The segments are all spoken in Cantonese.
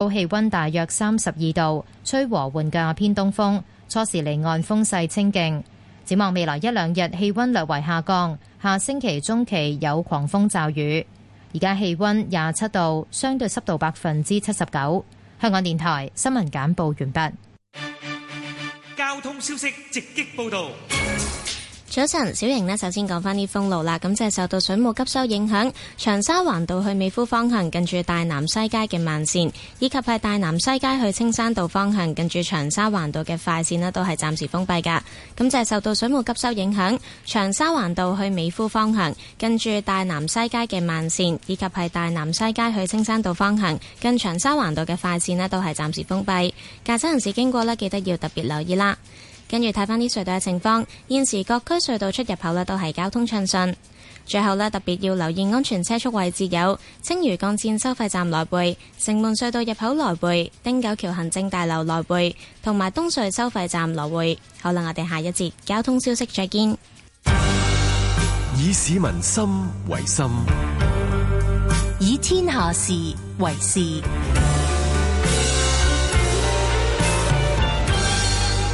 高氣溫大約三十二度，吹和緩嘅偏東風，初時離岸風勢清勁。展望未來一兩日氣溫略為下降，下星期中期有狂風驟雨。而家氣溫廿七度，相對濕度百分之七十九。香港電台新聞簡報完畢。交通消息直擊報道。早晨，小瑩呢，首先講返啲封路啦。咁就係、是、受到水務急收影響，長沙環道去美孚方向，近住大南西街嘅慢線，以及係大南西街去青山道方向，近住長沙環道嘅快線呢，都係暫時封閉噶。咁就係、是、受到水務急收影響，長沙環道去美孚方向，近住大南西街嘅慢線，以及係大南西街去青山道方向，近長沙環道嘅快線呢，都係暫時封閉。駕駛人士經過呢，記得要特別留意啦。跟住睇翻啲隧道嘅情況，現時各區隧道出入口呢，都係交通暢順。最後呢，特別要留意安全車速位置有青嶼幹線收費站來回、城門隧道入口來回、汀九橋行政大樓來回同埋東隧收費站來回。好啦，我哋下一節交通消息再見。以市民心為心，以天下事為事。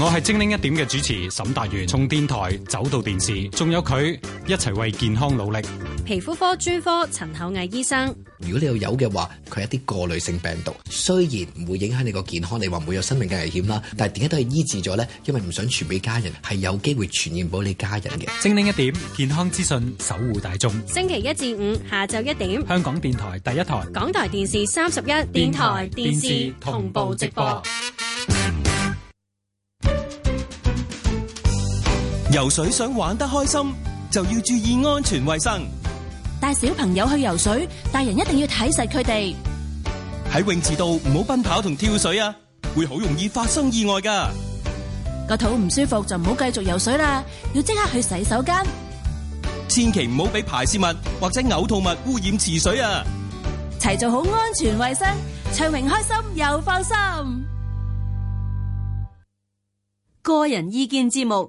我係精靈一點嘅主持沈達元，從電台走到電視，仲有佢一齊為健康努力。皮膚科專科陳厚毅醫生，如果你有有嘅話，佢係一啲過濾性病毒，雖然唔會影響你個健康，你話唔會有生命嘅危險啦，但係點解都係醫治咗呢？因為唔想傳俾家人，係有機會傳染到你家人嘅。精靈一點健康資訊，守護大眾。星期一至五下晝一點，香港電台第一台，港台電視三十一，電台電視，電視同步直播。游水想玩得開心，就要注意安全衛生。帶小朋友去游水，大人一定要睇實佢哋。喺泳池度唔好奔跑同跳水啊，會好容易發生意外㗎。個肚唔舒服就唔好繼續游水啦，要即刻去洗手間。千祈唔好俾排泄物或者嘔吐物污染池水啊！齊做好安全衛生，暢泳開心又放心。個人意見節目。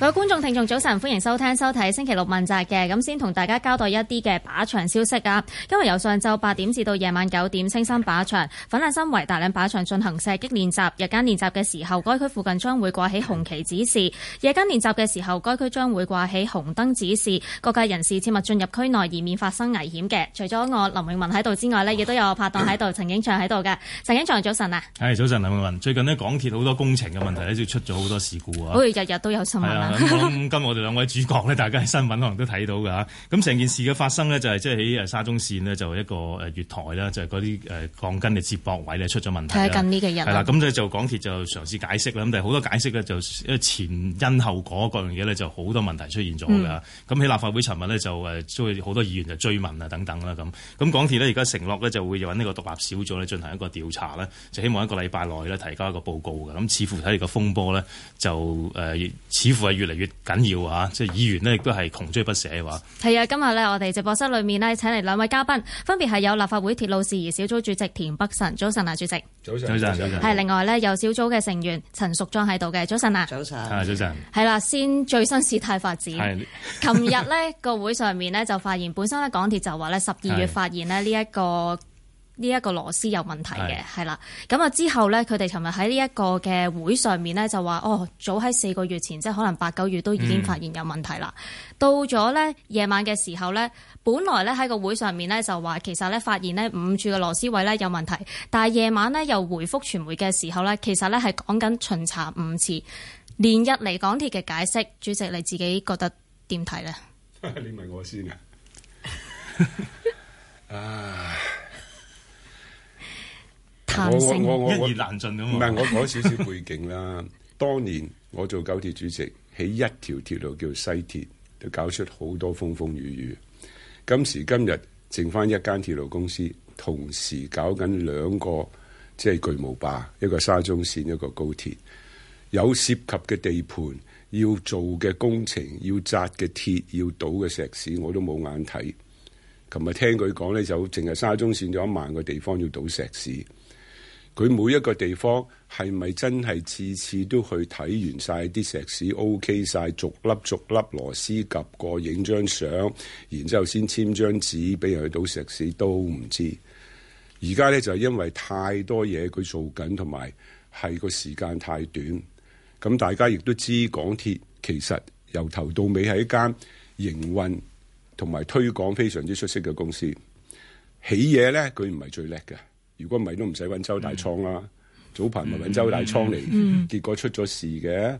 各位觀眾、聽眾，早晨，歡迎收聽、收睇《星期六問責》嘅。咁，先同大家交代一啲嘅靶場消息啊！今日由上晝八點至到夜晚九點，青山靶場粉嶺新圍大嶺靶場進行射擊練習。日間練習嘅時候，該區附近將會掛起紅旗指示，夜間練習嘅時候，該區將會掛起紅燈指示，各界人士切勿進入區內，以免發生危險嘅。除咗我林詠雯喺度之外呢亦都有我拍檔喺度，陳景祥喺度嘅。陳景祥早晨啊！誒，早晨，林詠雯。最近呢，港鐵好多工程嘅問題呢，就出咗好多事故啊！誒、哎，日日都有新聞。咁、 嗯、今日我哋兩位主角咧，大家喺新聞可能都睇到嘅嚇。咁成件事嘅發生呢，就係即係喺沙中線呢，就一個誒月台啦，就係嗰啲誒鋼筋嘅接駁位咧出咗問題。睇近呢幾日、啊。係啦。咁就港鐵就嘗試解釋啦。咁但係好多解釋嘅就前因後果各樣嘢咧，就好多問題出現咗㗎。咁喺、嗯、立法會尋日咧就誒，所以好多議員就追問啊等等啦咁。咁港鐵呢，而家承諾咧就會揾呢個獨立小組咧進行一個調查啦，就希望一個禮拜內咧提交一個報告㗎。咁似乎睇嚟個風波咧就誒、呃，似乎係。越嚟越緊要啊！即係議員呢亦都係窮追不捨嘅話。係啊！今日咧，我哋直播室裏面呢，請嚟兩位嘉賓，分別係有立法會鐵路事宜小組主席田北辰，早晨啊，主席。早晨，早晨，早晨。係另外呢，有小組嘅成員陳淑莊喺度嘅，早晨啊。早晨。係早晨。係啦，先最新事態發展。係。琴 日呢個會上面呢，就發現，本身咧港鐵就話呢十二月發現呢呢一個，呢一個螺絲有問題嘅，係啦是的。咁啊之後呢，佢哋尋日喺呢一個嘅會上面呢，就話哦，早喺四個月前，即係可能八九月都已經發現有問題啦。嗯、到咗呢夜晚嘅時候呢，本來呢喺個會上面呢，就話其實呢發現呢五處嘅螺絲位呢有問題，但係夜晚呢，又回覆傳媒嘅時候呢，其實呢係講緊巡查五次，連日嚟港鐵嘅解釋，主席你自己覺得點睇呢？ 你問我先啊！ 啊我我我我， 我一言難盡吖嘛，唔係我講少少背景啦。當年我做九鐵主席，起一條鐵路叫西鐵，都搞出好多風風雨雨。今時今日剩翻一間鐵路公司，同時搞緊兩個即係巨無霸，一個沙中線，一個高鐵。有涉及嘅地盤，要做嘅工程，要紮嘅鐵，要倒嘅石屎，我都冇眼睇。琴日聽佢講呢，就淨係沙中線有一萬個地方要倒石屎。佢每一個地方係咪真係次次都去睇完晒啲石屎？O K 晒，逐粒逐粒螺絲及過，影張相，然之後先簽張紙。俾佢去到石屎都唔知。而家呢，就係因為太多嘢佢做緊，同埋係個時間太短。咁大家亦都知，港鐵其實由頭到尾係一間營運同埋推廣非常之出色嘅公司。起嘢呢，佢唔係最叻嘅。如果唔係都唔使揾周大滄啦、啊，嗯、早排咪揾周大滄嚟，嗯、結果出咗事嘅。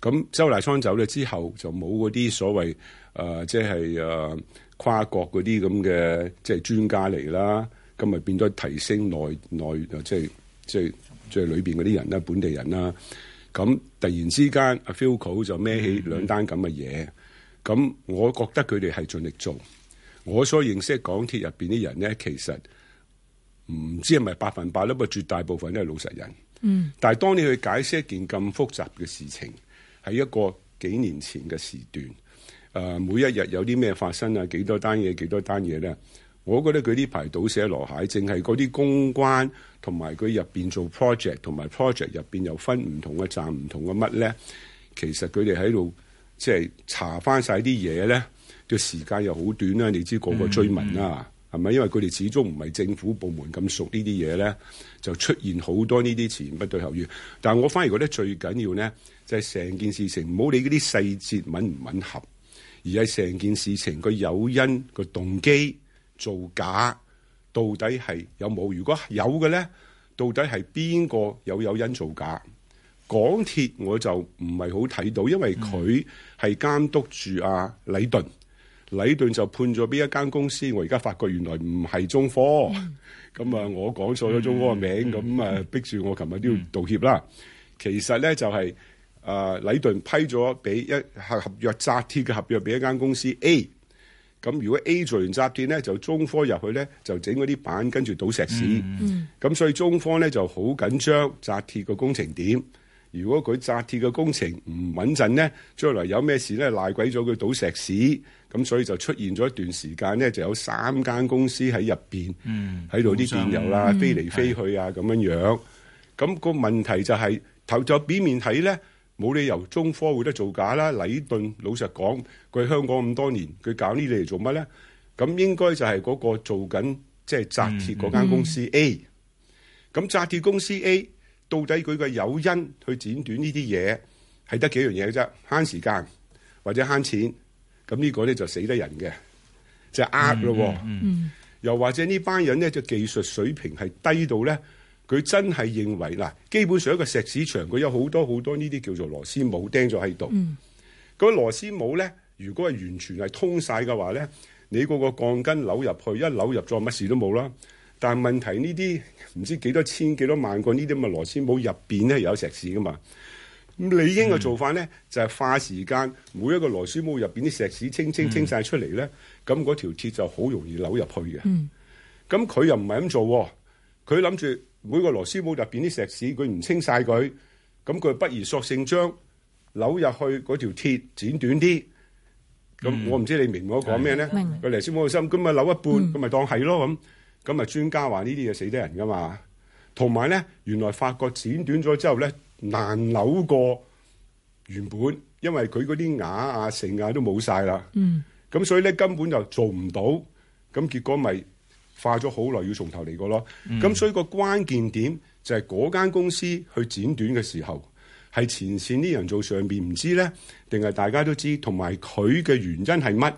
咁、嗯、周大滄走咗之後就、呃，就冇嗰啲所謂誒，即係誒跨國嗰啲咁嘅即係專家嚟啦。咁咪變咗提升內內即係即係即係裏邊嗰啲人啦，本地人啦。咁突然之間，阿、嗯、Philco 就孭起兩單咁嘅嘢。咁、嗯、我覺得佢哋係盡力做。我所認識港鐵入邊啲人咧，其實。唔知係咪百分百咧，不過絕大部分都係老實人。嗯，但係當你去解釋一件咁複雜嘅事情，係一個幾年前嘅時段，呃、每一日有啲咩發生啊，幾多單嘢，幾多單嘢咧？我覺得佢啲排倒寫螺蟹，正係嗰啲公關同埋佢入面做 project，同埋 project 入面又分唔同嘅站、唔同嘅乜咧。其實佢哋喺度即係查翻晒啲嘢咧，嘅時間又好短啦，你知嗰個追問呀、啊。嗯係咪？因為佢哋始終唔係政府部門咁熟，這些呢啲嘢咧，就出現好多呢啲前不對後語。但係我反而覺得最緊要咧，就係、是，成件事情唔好理嗰啲細節吻唔吻合，而係成件事情個誘因個動機造假到底係有冇？如果有嘅咧，到底係邊個有誘因造假？港鐵我就唔係好睇到，因為佢係監督住阿、啊、禮頓。禮頓就判咗邊一間公司。我而家發覺原來唔係中科，咁啊、嗯、我講錯咗中科嘅名，咁啊逼住我琴日都要道歉啦。嗯、其實咧就係、是，誒禮頓批咗俾一合合約，紮鐵嘅合約俾一間公司 A，咁如果 A 做完紮鐵咧，就中科入去咧就整嗰啲板跟住倒石屎，咁、嗯、所以中科咧就好緊張紮鐵個工程點。如果佢扎鐵嘅工程唔穩陣咧，將來有咩事咧賴鬼咗佢倒石屎，咁所以就出現咗一段時間咧，就有三間公司喺入邊，喺度啲電郵啦，啊嗯、飛嚟飛去啊咁樣樣。咁、個問題就係、是、頭就表面睇咧，冇理由中科會得做假啦。禮頓老實講，佢喺香港咁多年，佢搞呢啲嚟做乜咧？咁應該就係嗰個做緊即係扎鐵嗰間公司 A、嗯。咁扎、嗯、鐵公司 A。到底佢嘅誘因去剪短呢啲嘢，係得幾樣嘢啫？慳時間或者慳錢，咁呢個咧就死得人嘅，就係呃咯、喔。嗯嗯、又或者呢班人咧，就技術水平係低到咧，佢真係認為嗱，基本上一個石屎牆，佢有好多好多呢啲叫做螺絲帽釘咗喺度。咁、嗯、螺絲帽咧，如果係完全係通晒嘅話咧，你嗰個鋼筋扭入去一扭入咗，乜事都冇啦。但問題呢啲。唔知幾多千幾多萬個呢啲咪螺絲帽入邊咧有石屎噶嘛？咁理應嘅做法咧、嗯、就係花時間，每一個螺絲帽入邊啲石屎清清清晒出嚟咧，咁嗰條鐵就好容易扭入去嘅。咁佢、嗯、又唔係咁做，佢諗住每個螺絲帽入邊啲石屎佢唔清晒佢，咁佢不如索性將扭入去嗰條鐵剪短啲。咁、嗯、我唔知你明我講咩咧？佢螺絲帽嘅心咁咪扭一半，咁咪、嗯、當係咯咁。咁啊！專家話呢啲嘢死得人噶嘛，同埋咧，原來發覺剪短咗之後咧難扭過原本，因為佢嗰啲牙啊、成啊都冇晒啦。嗯，咁所以咧根本就做唔到，咁結果咪化咗好耐，要從頭嚟過咯。咁、嗯、所以個關鍵點就係嗰間公司去剪短嘅時候係前線啲人做上面唔知咧，定係大家都知，同埋佢嘅原因係乜？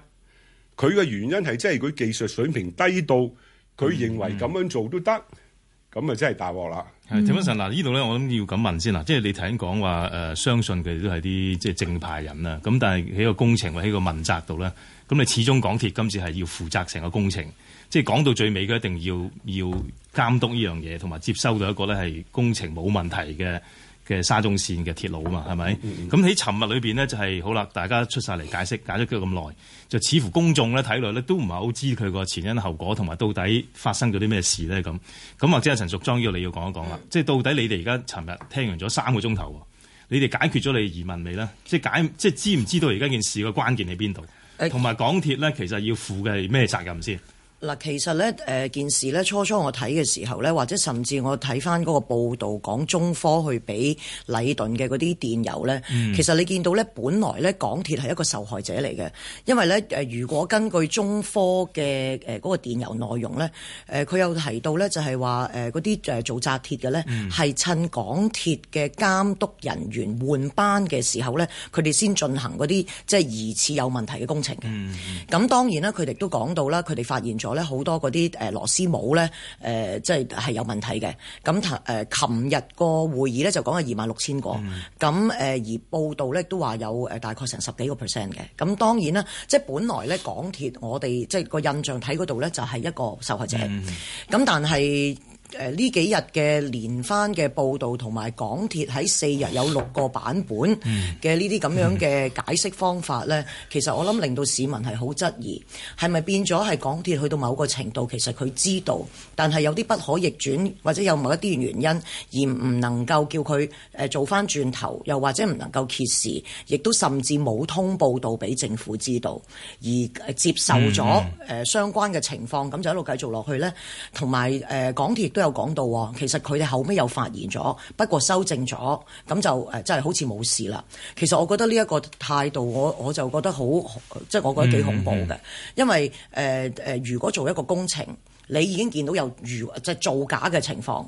佢嘅原因係即係佢技術水平低到。佢認為咁樣做都得，咁啊、嗯、真係大鑊啦！係田先生嗱，呢度咧，我諗要咁問先啦，即係你頭先講話誒，相信佢都係啲即係正派人啦。咁但係喺個工程或喺個問責度咧，咁你始終港鐵今次係要負責成個工程，即係講到最尾，佢一定要要監督呢樣嘢，同埋接收到一個咧係工程冇問題嘅嘅沙中線嘅鐵路嘛，係咪？咁喺尋日裏面呢、就係，就係好啦，大家出晒嚟解釋，解咗咗咁耐，就似乎公眾咧睇落咧都唔係好知佢個前因後果，同埋到底發生咗啲咩事咧咁。咁或者阿陳淑莊呢你要講一講啦。嗯、即係到底你哋而家尋日聽完咗三個鐘頭，你哋解決咗你疑問未呢？即係解，即係知唔知道而家件事嘅關鍵喺邊度？同埋港鐵咧，其實要負嘅係咩責任先？嗱，其實咧，誒件事咧，初初我睇嘅時候咧，或者甚至我睇翻嗰個報道講中科去俾禮頓嘅嗰啲電郵咧，嗯、其實你見到咧，本來咧港鐵係一個受害者嚟嘅，因為咧誒如果根據中科嘅誒嗰個電郵內容咧，誒佢有提到咧就係話誒嗰啲誒做紮鐵嘅咧，係、嗯、趁港鐵嘅監督人員換班嘅時候咧，佢哋先進行嗰啲即係疑似有問題嘅工程嘅。咁、嗯、當然啦佢哋都講到啦，佢哋發現咗。咧好多嗰啲誒螺絲帽咧誒、呃，即係係有問題嘅。咁誒，琴日個會議咧就講咗二萬六千個。咁誒、mm，hmm. 而報道咧都話有誒，大概成十幾個 percent 嘅。咁當然啦，即係本來咧港鐵我，我哋即係個印象睇嗰度咧，就係一個受害者。咁、mm hmm. 但係。誒呢幾日嘅連番嘅報導同埋港鐵喺四日有六個版本嘅呢啲咁樣嘅解釋方法呢，其實我諗令到市民係好質疑，係咪變咗係港鐵去到某個程度，其實佢知道，但係有啲不可逆轉或者有某一啲原因，而唔能夠叫佢誒做翻轉頭，又或者唔能夠揭示，亦都甚至冇通報到俾政府知道，而接受咗誒相關嘅情況，咁、嗯、就一路繼續落去呢，同埋誒港鐵。都有講到喎，其實佢哋後尾又發現咗，不過修正咗，咁就誒真係好似冇事啦。其實我覺得呢一個態度，我我就覺得好，即係我覺得幾恐怖嘅，mm hmm. 因為誒誒、呃呃，如果做一個工程，你已經見到有如即係造假嘅情況。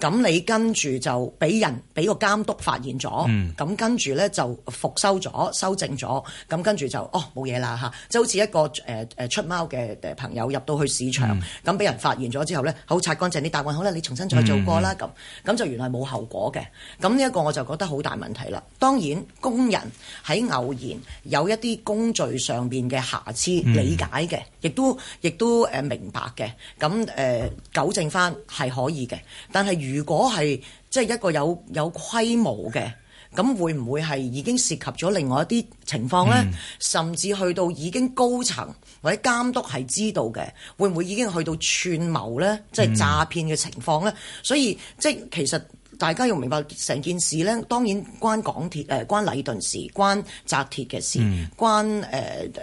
咁你跟住就俾人俾個監督發現咗，咁、嗯、跟住呢就復修咗、修正咗，咁跟住就哦冇嘢啦，即好似一個誒、呃、出貓嘅朋友入到去市場，咁俾、嗯、人發現咗之後呢，好擦乾淨啲答案，你運好啦，你重新再做過啦咁，咁、嗯嗯、就原來冇後果嘅。咁呢一個我就覺得好大問題啦。當然工人喺偶然有一啲工序上面嘅瑕疵、嗯、理解嘅，亦都亦都明白嘅，咁誒、呃、糾正翻係可以嘅，但係。如果係即係一個有有規模嘅，咁會唔會係已經涉及咗另外一啲情況呢？嗯、甚至去到已經高層或者監督係知道嘅，會唔會已經去到串謀呢？即係詐騙嘅情況呢？嗯、所以即係其實。大家要明白成件事咧，當然關港鐵誒，關禮頓事，關紮鐵嘅事，關誒誒、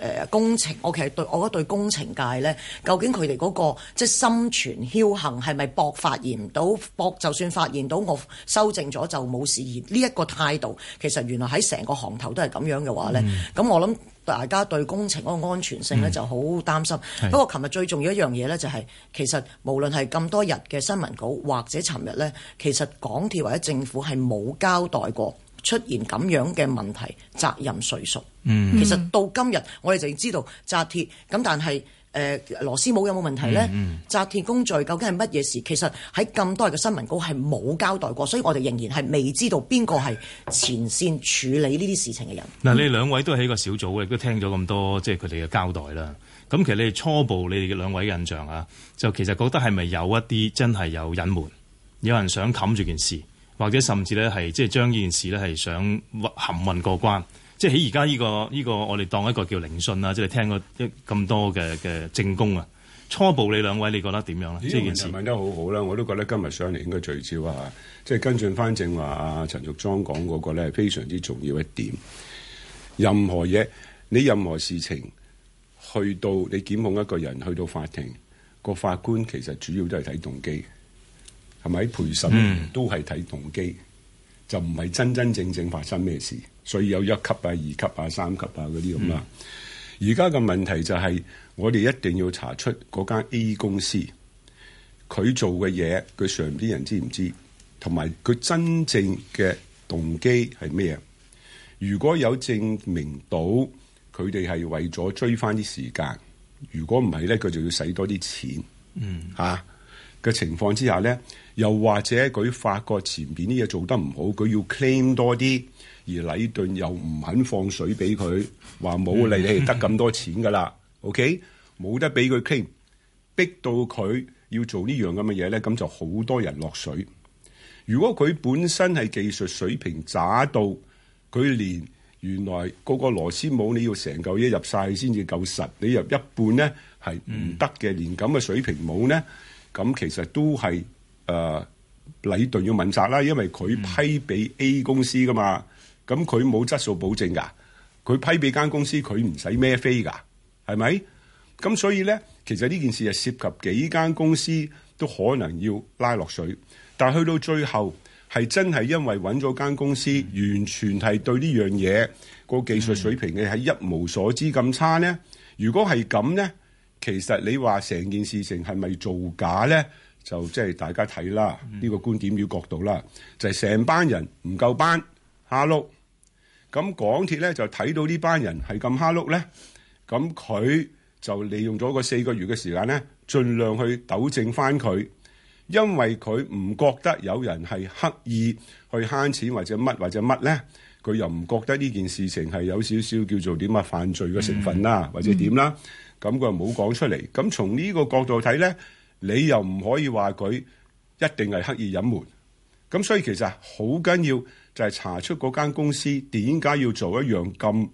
呃、工程。我其實對我覺得對工程界咧，究竟佢哋嗰個即係心存僥倖，係咪搏發現唔到？搏就算發現到，我修正咗就冇事。而呢一個態度，其實原來喺成個行頭都係咁樣嘅話咧，咁、嗯、我諗。大家對工程嗰個安全性呢就好擔心。不過、嗯，琴日最重要一樣嘢呢，就係、是，其實無論係咁多日嘅新聞稿或者尋日呢，其實港鐵或者政府係冇交代過出現咁樣嘅問題責任誰屬。嗯，其實到今日我哋就知道紮鐵咁，但係。誒、呃、羅斯冇有冇問題咧？紮鐵工序究竟係乜嘢事？其實喺咁多日嘅新聞稿係冇交代過，所以我哋仍然係未知道邊個係前線處理呢啲事情嘅人。嗱、嗯，你哋兩位都喺個小組亦都聽咗咁多，即係佢哋嘅交代啦。咁其實你哋初步你哋兩位嘅印象啊，就其實覺得係咪有一啲真係有隱瞞，有人想冚住件事，或者甚至咧係即係將呢件事咧係想含混過關？即係喺而家呢個呢個，呢個、我哋當一個叫聆訊啊，即係聽過咁多嘅嘅證供啊。初步你兩位，你覺得點樣咧？呢件事問得好好啦，我都覺得今日上嚟應該聚焦啊，即係跟進翻正話啊陳淑莊講嗰個咧，係非常之重要一點。任何嘢，你任何事情，去到你檢控一個人，去到法庭，個法官其實主要都係睇動機，係咪？陪審都係睇動機。嗯就唔係真真正正發生咩事，所以有一級啊、二級啊、三級啊嗰啲咁啦。而家嘅問題就係，我哋一定要查出嗰間 A 公司佢做嘅嘢，佢上邊人知唔知，同埋佢真正嘅動機係咩？如果有證明到佢哋係為咗追翻啲時間，如果唔係咧，佢就要使多啲錢。嗯，嚇、啊，嘅情況之下咧，又或者佢發覺前面啲嘢做得唔好，佢要 claim 多啲，而禮頓又唔肯放水俾佢，話冇理你得咁多錢㗎啦。 OK，冇得俾佢 claim，逼到佢要做呢樣咁嘅嘢咧，咁就好多人落水。如果佢本身係技術水平渣到佢連原來嗰個螺絲帽你要成嚿嘢入晒先至夠實，你入一半咧係唔得嘅， 連咁嘅水平冇咧。咁其實都係誒禮頓要問責啦，因為佢批俾 A 公司噶嘛，咁佢冇質素保證噶，佢批俾間公司佢唔使孭飛噶，係咪？咁所以呢，其實呢件事係涉及幾間公司都可能要拉落水，但去到最後係真係因為揾咗間公司、嗯、完全係對呢樣嘢個技術水平嘅係一無所知咁差呢？如果係咁呢。其實你話成件事情係咪造假咧？就即係大家睇啦，呢、呢個觀點與角度啦，就係、係、成班人唔夠班蝦碌，咁港鐵咧就睇到呢班人係咁蝦碌咧，咁佢就利用咗個四個月嘅時間咧，盡量去糾正返佢，因為佢唔覺得有人係刻意去慳錢或者乜或者乜咧，佢又唔覺得呢件事情係有少少叫做點啊犯罪嘅成分啦、啊，mm hmm. 或者點啦。Mm hmm. 咁佢又冇講出嚟，咁從呢個角度睇咧，你又唔可以話佢一定係刻意隱瞞。咁所以其實好緊要就係查出嗰間公司點解要做一樣咁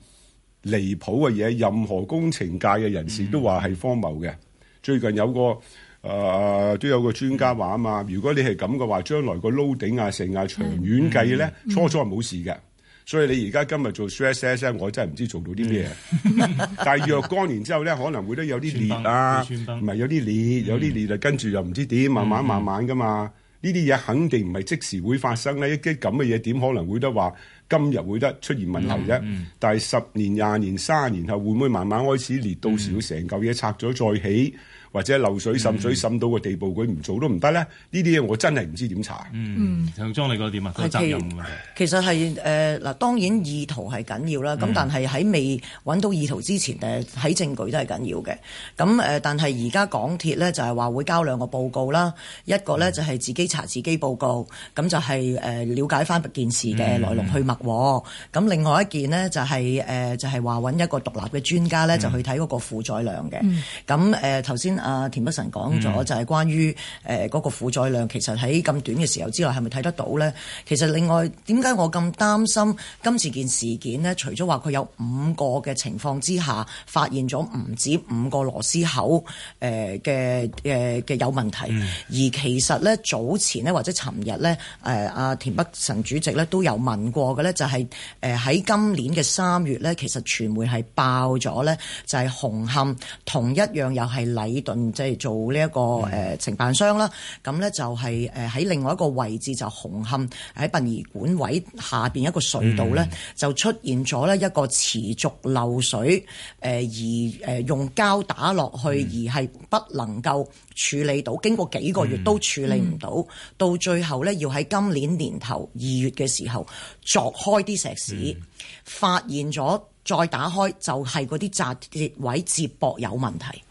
離譜嘅嘢，任何工程界嘅人士都話係荒謬嘅。嗯、最近有個誒、呃、都有個專家話啊嘛，如果你係咁嘅話，將來個撈頂啊成啊長遠計咧，初初係冇事嘅。嗯嗯。所以你而家今日做 stress 我真係唔知做到啲咩。嗯、 但係若干年之後咧，可能會都有啲裂啊，唔係有啲裂，有啲裂啦。嗯、跟住又唔知點，慢慢慢慢噶嘛。呢啲嘢肯定唔係即時會發生咧，一啲咁嘅嘢點可能會得話，今日會得出現問題啫。嗯、但係十年、廿年、三十年後，會唔會慢慢開始裂？到時會成嚿嘢拆咗再起。或者漏水滲水滲到個地步，佢唔、嗯、做都唔得咧。呢啲嘢我真係唔知點查。嗯，淑、嗯、莊你覺得點啊？責任其實係，誒嗱、呃，當然意圖係緊要啦。咁但係喺未揾到意圖之前，誒喺、嗯、證據都係緊要嘅。咁誒，但係而家港鐵咧就係話會交兩個報告啦。嗯、一個咧就係自己查自己報告，咁、嗯、就係誒瞭解翻件事嘅來龍去脈。咁、嗯、另外一件呢、就係，就係誒就係話揾一個獨立嘅專家咧就去睇嗰個負載量嘅。咁誒頭先。呃啊，田北辰講咗就係關於誒嗰、呃嗰個負載量，其實喺咁短嘅時候之內係咪睇得到呢？其實另外點解我咁擔心今次件事件呢？除咗話佢有五個嘅情況之下發現咗唔止五個螺絲口誒嘅誒嘅有問題，嗯、而其實呢，早前咧或者尋日呢，誒、呃、阿田北辰主席咧都有問過嘅呢、就係，就係誒喺今年嘅三月呢，其實傳媒係爆咗呢，就係紅磡同一樣又係禮。即係做呢、這、一個承、呃呃、辦商啦，咁呢就係、是、喺、呃、另外一個位置就紅磡喺殯儀館位下面一個隧道呢，嗯、就出現咗呢一個持續漏水，誒、呃、而、呃、用膠打落去、嗯、而係不能夠處理到，經過幾個月都處理唔到，嗯、到最後呢，要喺今年年頭二月嘅時候鑿開啲石屎，嗯、發現咗再打開就係嗰啲紮鐵位接駁有問題。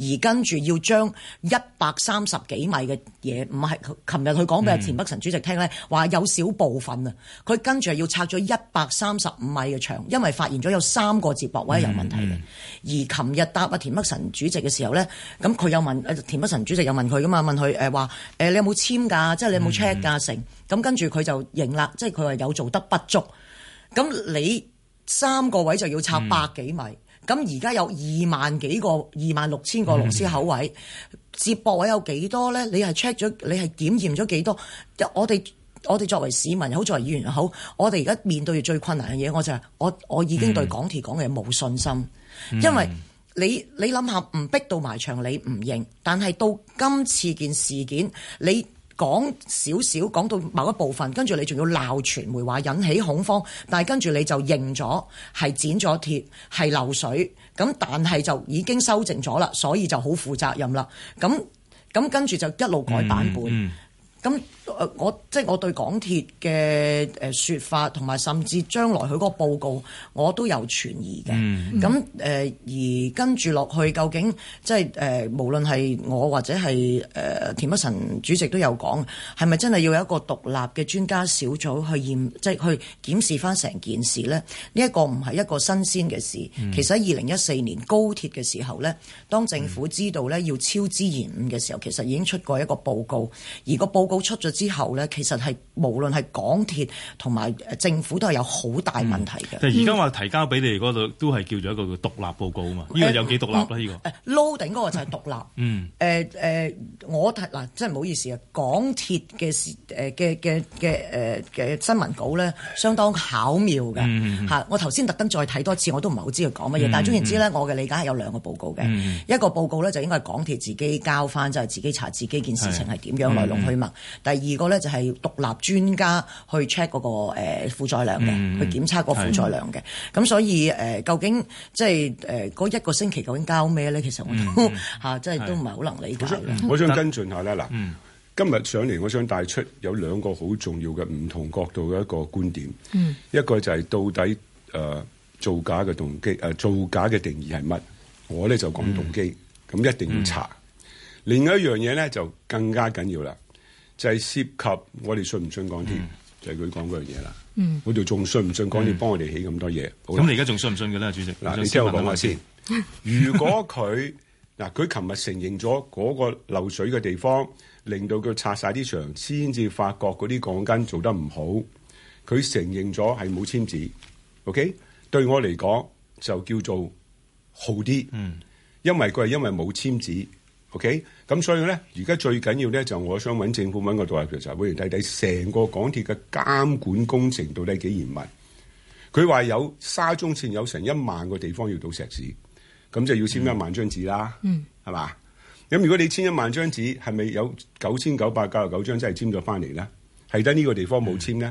而跟住要將一百三十幾米嘅嘢，唔係琴日佢講俾阿田北辰主席聽咧，話、嗯、有少部分啊，佢跟住係要拆咗一百三十五米嘅牆，因為發現咗有三個接駁位有問題嘅。嗯嗯，而琴日答阿田北辰主席嘅時候咧，咁佢又問，田北辰主席又問佢噶嘛？問佢誒話誒你有冇簽㗎？即係你有冇 check 㗎？成咁跟住佢就認啦，即係佢話有做得不足。咁你三個位就要拆百幾米。嗯嗯咁而家有二萬幾個，二萬六千個螺絲口位、嗯、接駁位有幾多咧？你係 check 咗？你係檢驗咗幾多？我哋我哋作為市民又好，作為議員又好，我哋而家面對最困難嘅嘢，我就係，我我已經對港鐵講嘅冇信心，嗯、因為你你諗下，唔逼到埋場，你唔認，但係到今次件事件你。講少少，講到某一部分，跟住你仲要鬧傳媒，話引起恐慌，但係跟住你就認咗，係剪咗貼，係漏水，咁但係就已經修正咗啦，所以就好負責任啦。咁咁跟住就一路改版本。嗯嗯。咁誒我即係我對港鐵嘅誒說法，同埋甚至將來佢嗰個報告，我都有存疑嘅。咁誒而跟住落去，究竟即係誒、呃、無論係我或者係誒、呃、田北辰主席都有講，係咪真係要有一個獨立嘅專家小組去驗，即係去檢視翻成件事咧？呢、這、一個唔係一個新鮮嘅事，mm hmm. 其實喺二零一四年高鐵嘅時候咧，當政府知道咧要超支延誤嘅時候，其實已經出過一個報告，而個報。出咗之後咧，其實係無論係港鐵同埋誒政府都係有好大問題嘅。但係而家話提交俾你嗰度都係叫做一個獨立報告啊嘛，呢個有幾獨立咧？呢個誒，load 應該話就係獨立。嗯。誒誒，我睇嗱，真係唔好意思啊！港鐵嘅事嘅嘅嘅誒嘅新聞稿咧，相當巧妙嘅嚇。我頭先特登再睇多次，我都唔係好知佢講乜嘢。但係總言之咧，我嘅理解係有兩個報告嘅，一個報告咧就應該係港鐵自己交翻，就係自己查自己件事情係點樣來龍去脈。第二個咧，就係獨立專家去 check 嗰個誒負載量嘅，去檢測個負載量嘅。咁所以誒究竟，即係誒嗰一個星期究竟交咩咧？其實我都吓，即係都唔係好能理解。我想跟進下咧，嗱，今日上嚟我想帶出有兩個好重要嘅唔同角度嘅一個觀點。一個就係到底誒造假嘅動機誒，造假嘅定義係乜？我咧，就講動機，咁一定要查。另外一樣嘢咧，就更加緊要啦。就係涉及我哋信唔信港鐵，嗯、就係佢講嗰樣嘢啦。嗯、我哋仲信唔信港鐵幫我哋起咁多嘢？咁、嗯、久你而家仲信唔信嘅咧，主席？嗱、啊，你聽我講下先。如果佢嗱，佢琴日承認咗嗰個漏水嘅地方，令到佢拆晒啲牆，先至發覺嗰啲鋼筋做得唔好。佢承認咗係冇簽字。OK，對我嚟講就叫做好啲。嗯，因為佢係因為冇簽字。OK，咁所以咧，而家最緊要咧就我想搵政府搵個獨立調查會員睇睇成個港鐵嘅監管工程到底幾嚴密。佢話有沙中線有成一萬個地方要倒石屎，咁就要簽一萬張紙啦。嗯，係嘛？咁如果你簽一萬張紙，係咪有九千九百九十九張真係簽咗翻嚟咧？係得呢個地方冇簽咧？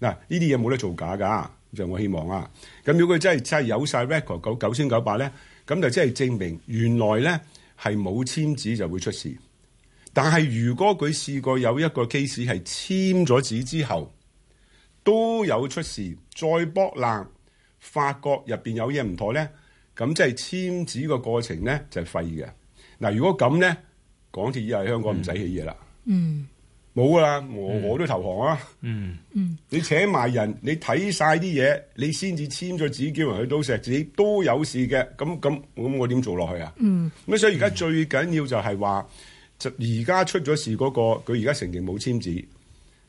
嗱、嗯，呢啲嘢冇得做假㗎，就我希望啊。咁如果佢真係真係有晒 record 九九千九百咧，咁就真係證明原來咧。係冇簽紙就會出事，但係如果佢試過有一個 case 係簽咗紙之後都有出事，再剝爛發覺入邊有嘢唔妥咧，咁即係簽紙個過程咧就係廢嘅。嗱，如果咁咧，港鐵又喺香港唔使起嘢啦、嗯。嗯。冇㗎啦，我、嗯、我都投降啦。嗯嗯，你請埋人，你睇晒啲嘢，你先至簽咗紙，叫人去倒石屎，自己都有事嘅。咁咁咁，我點做落去啊？嗯，咁所以而家最緊要就係話，就而家出咗事嗰、嗰個，佢而家承認冇簽字。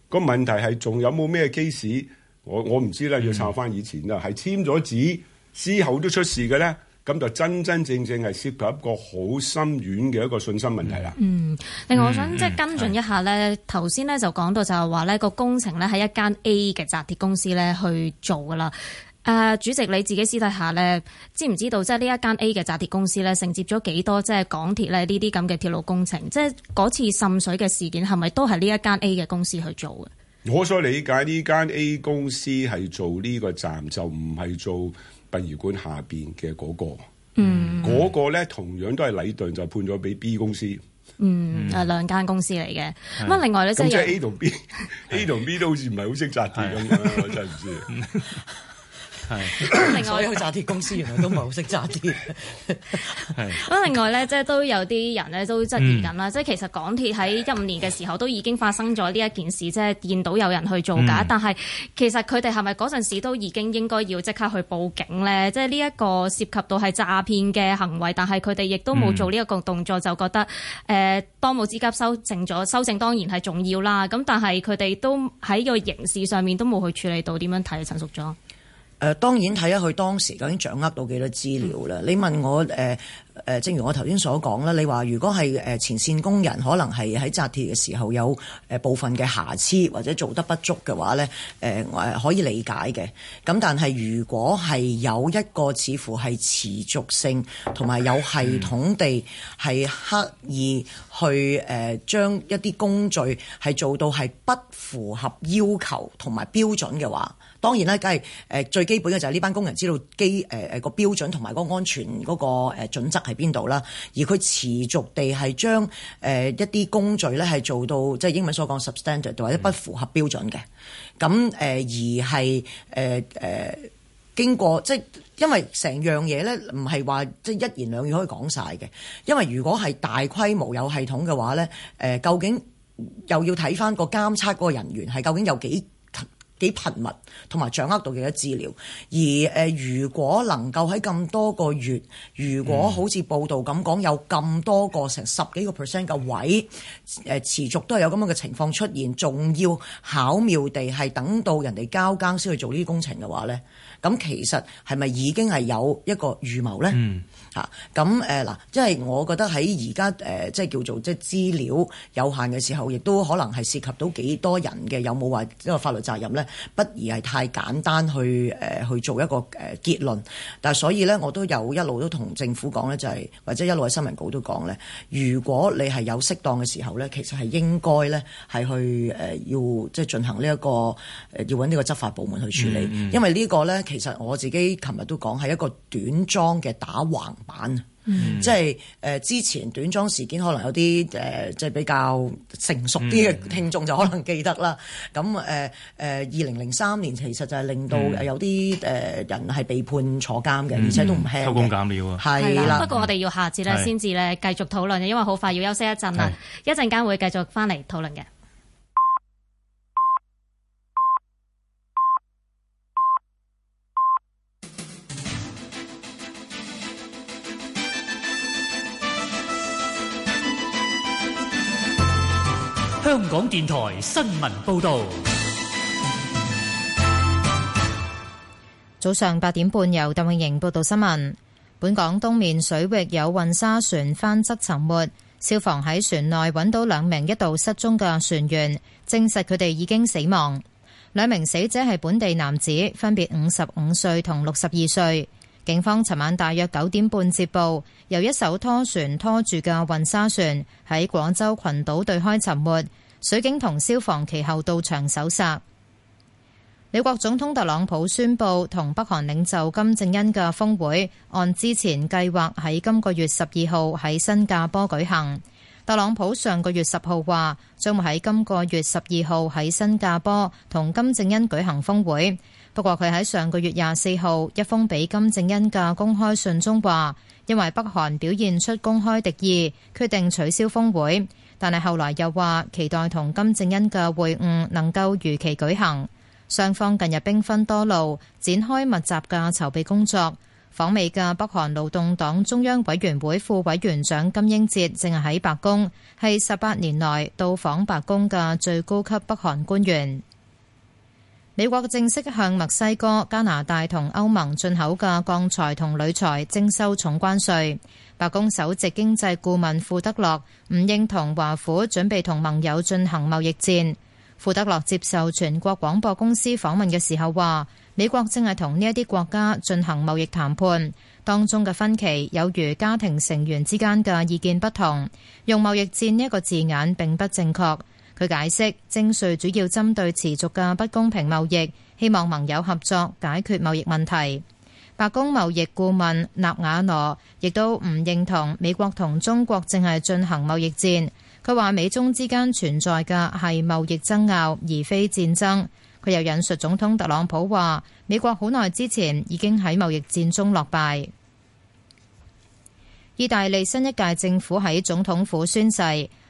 個問題係仲有冇咩 case？我我唔知啦，要查返以前啦。係簽咗紙之後都出事嘅咧。咁就真真正正係涉及一個好深遠嘅一個信心問題啦。嗯，另外我想即係跟進一下呢頭先呢，嗯、就講到就係話呢個工程呢，喺一間 A 嘅紮鐵公司呢去做㗎啦。誒、呃，主席你自己私底下呢，知唔知道即係呢一間 A 嘅紮鐵公司呢，承接咗幾多即係港鐵呢，呢啲咁嘅鐵路工程？即係嗰次滲水嘅事件係咪都係呢一間 A 嘅公司去做嘅？我所理解呢間 A 公司係做呢個站就唔係做。殯儀館下邊嘅嗰個，嗯，嗰個咧同樣都係禮頓就判咗俾 B 公司，嗯，係兩間公司嚟嘅。咁的另外咧即係 A 同 B，A 同 B 都好似唔係好識紮電咁樣，的我真係唔知。 係，是另外所有紮鐵公司原來都唔係好識紮鐵 是。咁另外咧，即係 都有啲人咧，都質疑緊啦。即係其實港鐵喺一五年嘅時候都已經發生咗呢一件事，即係見到有人去做噶。嗯、但係其實佢哋係咪嗰陣時都已經應該要即刻去報警咧？即係呢一個涉及到係詐騙嘅行為，但係佢哋亦都冇做呢一個動作，嗯、就覺得誒、呃、當務之急修正咗修正，當然係重要啦。咁但係佢哋都喺個刑事上面都冇去處理到，點樣睇陳淑莊？誒當然睇下佢當時究竟掌握到幾多資料啦。你問我、呃、正如我頭先所講啦，你話如果係前線工人可能係喺紮鐵嘅時候有部分嘅瑕疵或者做得不足嘅話咧，我、呃、誒可以理解嘅。咁但係如果係有一個似乎係持續性同埋有系統地係刻意去誒、呃、將一啲工序係做到係不符合要求同埋標準嘅話，當然啦，梗係誒最基本嘅就係呢班工人知道基誒誒個標準同埋個安全嗰個誒準則喺邊度啦。而佢持續地係將誒、呃、一啲工序咧係做到即係英文所講 substandard 或者不符合標準嘅。咁誒、呃、而係誒誒經過即係因為成樣嘢咧唔係話即係一言兩語可以講晒嘅。因為如果係大規模有系統嘅話咧、呃，究竟又要睇翻個監測嗰個人員係究竟有幾？幾頻密，同埋掌握到幾多資料。而誒、呃，如果能夠喺咁多個月，如果好似報道咁講有咁多個成十幾個 percent 嘅位，誒、呃、持續都係有咁樣嘅情況出現，仲要巧妙地係等到人哋交更先去做呢啲工程嘅話咧，咁其實係咪已經係有一個預謀咧？嗯吓，咁誒嗱，即係我覺得喺而家誒即係叫做即係資料有限嘅時候，亦都可能係涉及到幾多人嘅，有冇話呢個法律責任咧？不宜係太簡單去誒、呃、去做一個誒結論。但係所以咧，我都有一路都同政府講咧，就係、是、或者一路喺新聞稿都講咧，如果你係有適當嘅時候咧，其實係應該咧係去誒要、呃、即係進行呢、這、一個要搵呢個執法部門去處理，嗯嗯因為個呢個咧其實我自己琴日都講係一個短裝嘅打橫。版，嗯、即係誒、呃、之前短裝事件，可能有啲誒、呃、即係比較成熟啲嘅聽眾就可能記得啦。咁誒誒，二零零三年其實就係令到有啲誒、嗯呃、人係被判坐監嘅，而且、嗯、都唔輕。偷工減料啊了！係啦，不過我哋要下次咧，先至咧繼續討論，因為好快要休息一陣啦。是的 一陣間會繼續翻嚟討論嘅。香港電台新聞報道，早上八點半由鄧永瑩報道新聞。本港東面水域有運沙船翻側沉沒，消防喺船內揾到兩名一度失蹤嘅船員，證實佢哋已經死亡。兩名死者係本地男子，分別五十五歲同六十二歲。警方尋晚大約九點半接報，由一艘拖船拖住嘅運沙船喺廣州群島對開沉沒，水警同消防其後到場搜查。美國總統特朗普宣布同北韓領袖金正恩嘅峰會按之前計劃喺今個月十二號喺新加坡舉行。特朗普上個月十號話將會喺今個月十二號喺新加坡同金正恩舉行峰會。不過佢喺上個月廿四號一封俾金正恩嘅公開信中話，因為北韓表現出公開敵意，決定取消峰會。但係後來又話期待同金正恩嘅會晤能夠如期舉行。雙方近日兵分多路，展開密集嘅籌備工作。訪美嘅北韓勞動黨中央委員會副委員長金英哲，正係喺白宮，係十八年內到訪白宮嘅最高級北韓官員。美國正式向墨西哥、加拿大同歐盟進口嘅鋼材同鋁材徵收重關稅。白宮首席經濟顧問庫德洛唔認同華府準備同盟友進行貿易戰。庫德洛接受全國廣播公司訪問嘅時候話：美國正係同呢一啲國家進行貿易談判，當中嘅分歧有如家庭成員之間嘅意見不同。用貿易戰呢一個字眼並不正確。佢解釋徵稅主要針對持續嘅不公平貿易，希望盟友合作解決貿易問題。白宮貿易顧問納瓦羅亦都唔認同美國同中國正係進行貿易戰。佢話美中之間存在嘅係貿易爭拗，而非戰爭。佢又引述總統特朗普話：美國好耐之前已經喺貿易戰中落敗。意大利新一屆政府喺總統府宣誓。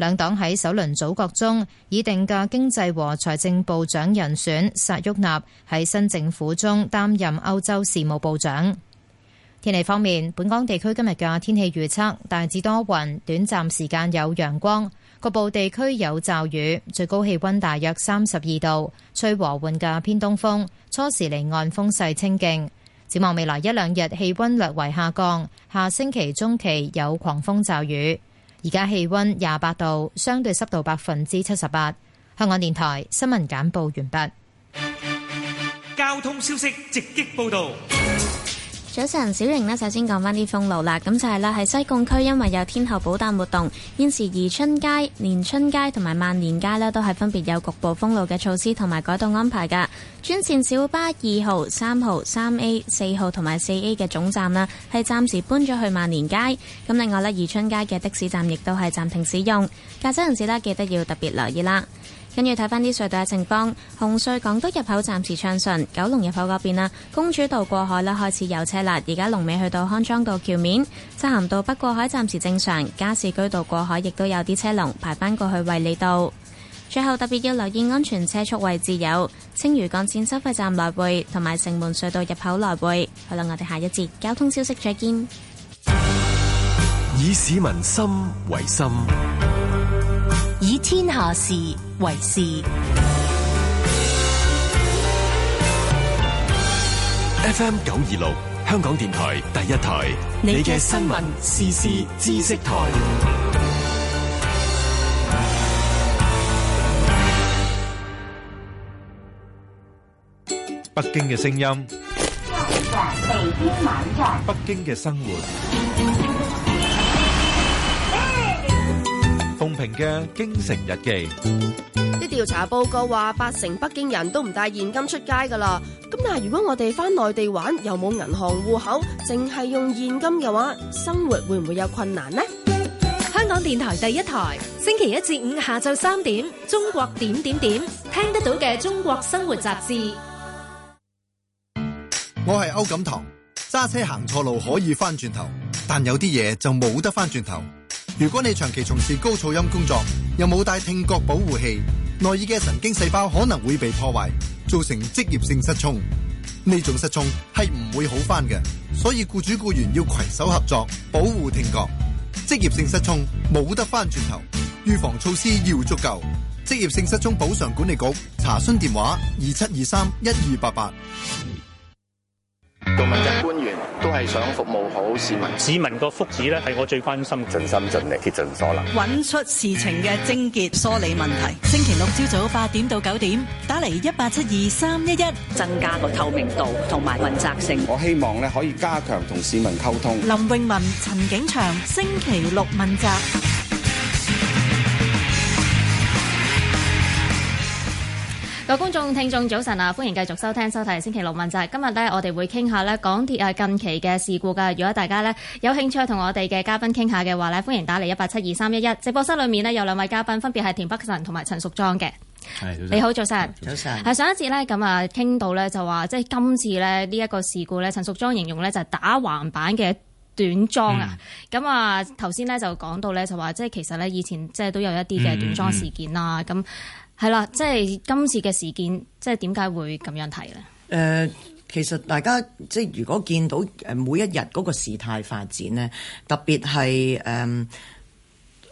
兩黨喺首輪組閣中已定嘅經濟和財政部長人選薩沃納喺新政府中擔任歐洲事務部長。天氣方面，本港地區今日嘅天氣預測大致多雲，短暫時間有陽光，局部地區有驟雨，最高氣溫大約三十二度，吹和緩嘅偏東風，初時離岸風勢清勁。展望，未來一兩日氣溫略為下降，下星期中期有狂風驟雨。而家氣溫廿八度，相對濕度百分之七十八。香港電台新聞簡報完畢。交通消息直擊報導。早晨，小瑩呢，首先講翻啲封路啦。咁就係啦，喺西貢區，因為有天后寶誕活動，現時宜春街、連春街同埋萬年街呢，都係分別有局部封路嘅措施同埋改動安排㗎。專線小巴二號、三號、三 A、四號同埋四 A 嘅總站啦，係暫時搬咗去萬年街。咁另外呢，宜春街嘅的，的士站亦都係暫停使用。駕駛人士呢，記得要特別留意啦。跟住睇翻啲隧道嘅情況，紅隧港島入口暫時暢順，九龍入口嗰邊啦，公主道過海啦開始有車啦，而家龍尾去到康莊道橋面，漆咸道北過海暫時正常，加士居道過海亦都有啲車龍排翻過去衛理道。最後特別要留意安全車速位置有青嶼幹線收費站來回同埋城門隧道入口來回。好啦，我哋下一節交通消息再見。以市民心為心。天下事為事，FM 九二六香港電台第一台，你嘅新聞、時事、知識台，北京嘅聲音，北京晚站，北京嘅生活。公平嘅京城日記。啲調查報告話，八成北京人都唔帶現金出街噶啦。咁嗱，如果我哋翻內地玩，又冇銀行戶口，淨係用現金嘅話，生活會唔會有困難呢？香港電台第一台，星期一至五下晝三點，中國點點點，聽得到嘅中國生活雜誌。我係歐錦棠，揸車行錯路可以翻轉頭，但有啲嘢就冇得翻轉頭。如果你長期從事高噪音工作，又冇帶聽覺保護器，內耳嘅神經細胞可能會被破壞，造成職業性失聰。呢種失聰係唔會好翻嘅，所以僱主僱員要攜手合作，保護聽覺。職業性失聰冇得翻轉頭，預防措施要足夠。職業性失聰補償管理局查詢電話：二七二三一二八八。都係想服務好市民，市民個福祉咧係我最關心，盡心盡力竭盡所能，揾出事情嘅症結，梳理問題。星期六朝早八點到九點，打嚟一八七二三一一，增加個透明度同埋問責性。我希望咧可以加強同市民溝通。林詠雯、陳景祥，星期六問責。各位觀眾、聽眾，早晨啊！歡迎繼續收聽、收睇《星期六問責》。係，今日咧，我哋會傾下咧港鐵啊近期嘅事故㗎。如果大家咧有興趣同我哋嘅嘉賓傾下嘅話咧，歡迎打嚟一八七二三一一。直播室裏面呢，有兩位嘉賓，分別係田北辰同埋陳淑莊嘅。上你好早，早晨。早晨。上一節咧，咁啊傾到咧就話，即係今次咧呢一個事故咧，陳淑莊形容咧就係打橫版嘅短樁啊。咁啊頭先咧就講到咧就話，即係其實咧以前即係都有一啲嘅短樁事件啦。咁、嗯嗯嗯係啦，即係今次嘅事件，即係點解會咁樣睇咧？誒、呃，其實大家即係如果見到誒每一日嗰個事態發展咧，特別係誒。呃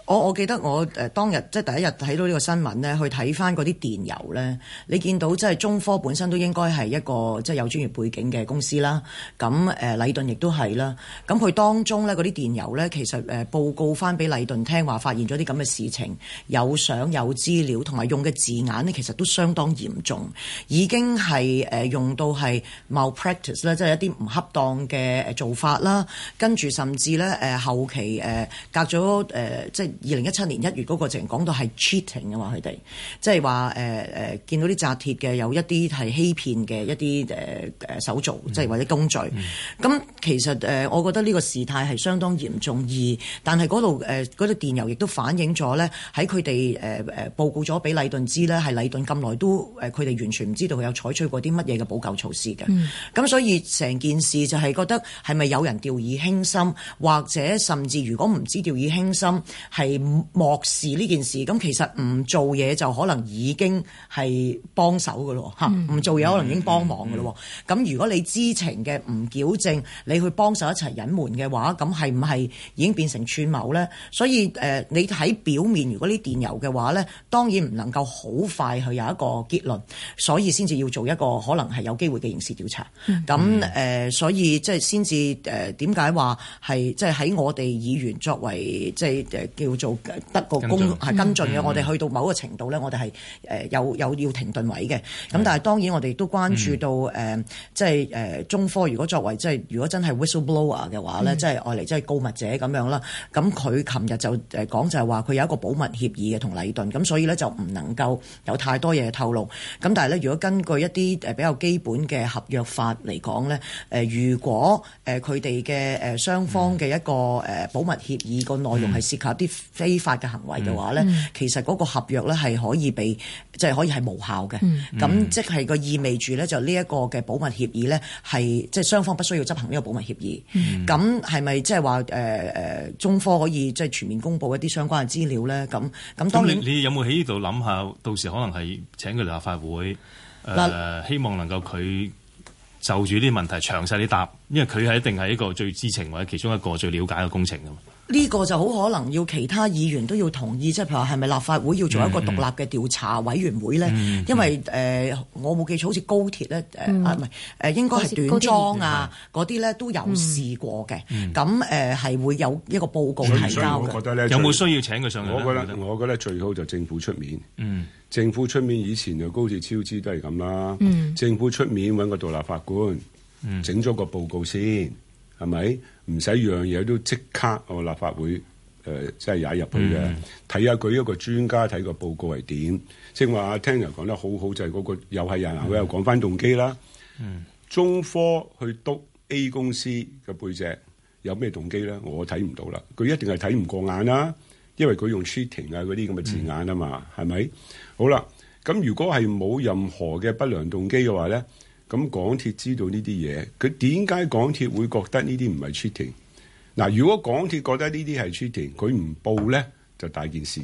我我記得我誒當日即係第一日睇到呢個新聞咧，去睇翻嗰啲電郵咧，你見到即係中科本身都應該係一個即係有專業背景嘅公司啦。咁誒禮頓亦都係啦。咁佢當中咧嗰啲電郵咧，其實誒報告翻俾禮頓聽話，發現咗啲咁嘅事情，有相有資料，同埋用嘅字眼咧，其實都相當嚴重，已經係誒用到係 malpractice 啦，即係一啲唔恰當嘅誒做法啦。跟住甚至咧誒後期誒隔咗誒即係二零一七年一月嗰個人就講到係 cheating 嘅嘛，佢哋即係話誒誒見到啲紮鐵嘅有一啲係欺騙嘅一啲誒誒手續，即係或者工序。咁、mm hmm. 其實誒、呃、我覺得呢個事態係相當嚴重。而，但係嗰度誒嗰啲電郵亦都反映咗咧，喺佢哋誒誒報告咗俾禮頓知咧，係禮頓咁耐都誒佢哋完全唔知道佢有採取過啲乜嘢嘅補救措施嘅。咁、mm hmm. 所以成件事就係覺得係咪有人掉以輕心，或者甚至如果唔知掉以輕心漠視呢件事，咁其實唔做嘢就可能已經係幫手嘅咯，嚇、嗯，唔做嘢可能已經幫忙嘅咯。咁、嗯嗯嗯、如果你知情嘅唔矯正，你去幫手一齊隱瞞嘅話，咁係唔係已經變成串謀咧？所以誒、呃，你睇表面，如果呢電郵嘅話咧，當然唔能夠好快去有一個結論，所以先至要做一個可能係有機會嘅刑事調查。咁誒、嗯嗯呃，所以即係先至誒，點解話係即係喺我哋議員作為即係誒、呃、叫。做得個公跟係着跟進嘅，嗯、我哋去到某個程度咧，我哋係誒有有要停頓位嘅。咁是的 但係當然我哋都關注到誒、呃、即係誒、呃、中科如果作為即係如果真係 whistleblower 嘅話咧，嗯、即係愛嚟即係告密者咁樣啦。咁佢琴日就誒講就係話，佢有一個保密協議嘅同禮頓咁所以咧就唔能夠有太多嘢透露。咁但係咧，如果根據一啲誒比較基本嘅合約法嚟講咧，誒、呃、如果誒佢哋嘅誒雙方嘅一個誒、呃、保密協議個內容係涉及一啲。非法嘅行為嘅話咧，嗯、其實嗰個合約咧係可以被即係、就是、可以係無效嘅。咁、嗯、即係個意味住咧，就呢一個嘅保密協議咧係即係雙方不需要執行呢個保密協議。咁係咪即係話誒誒，中科可以即係全面公布一啲相關嘅資料咧？咁咁當咁你，你有冇喺呢度諗下，到時可能係請佢嚟立法會誒，呃、那希望能夠佢就住呢啲問題詳細啲答，因為佢係一定係一個最知情或者其中一個最了解嘅工程噶嘛。呢個就好可能要其他議員都要同意，即係譬如係咪立法會要做一個獨立嘅調查委員會咧？嗯嗯嗯、因為、呃、我冇記錯好似高鐵咧誒，啊唔係誒，嗯、應該係短樁啊嗰啲咧都有試過嘅。咁誒係會有一個報告提交嘅。有冇需要請佢上去？我覺得我覺得最好就政府出面。嗯、政府出面以前就高鐵超支都係咁啦。嗯、政府出面揾個獨立法官，整咗、嗯、個報告先，係咪？唔使樣嘢都即刻我立法會誒，即係踩入去嘅，睇下佢一個專家睇個報告係點？正話聽人講得好好，就係嗰個又係人，佢又講翻動機啦。嗯，中科去督 A 公司嘅背脊有咩動機咧？我睇唔到啦，佢一定係睇唔過眼啦，因為佢用 cheating 啊嗰啲咁嘅字眼啊嘛，係咪，嗯？好啦，咁如果係冇任何嘅不良動機嘅話咧？咁港鐵知道呢啲嘢，佢點解港鐵會覺得呢啲唔係 cheating？嗱，如果港鐵覺得呢啲係 cheating，佢唔報咧，就大件事。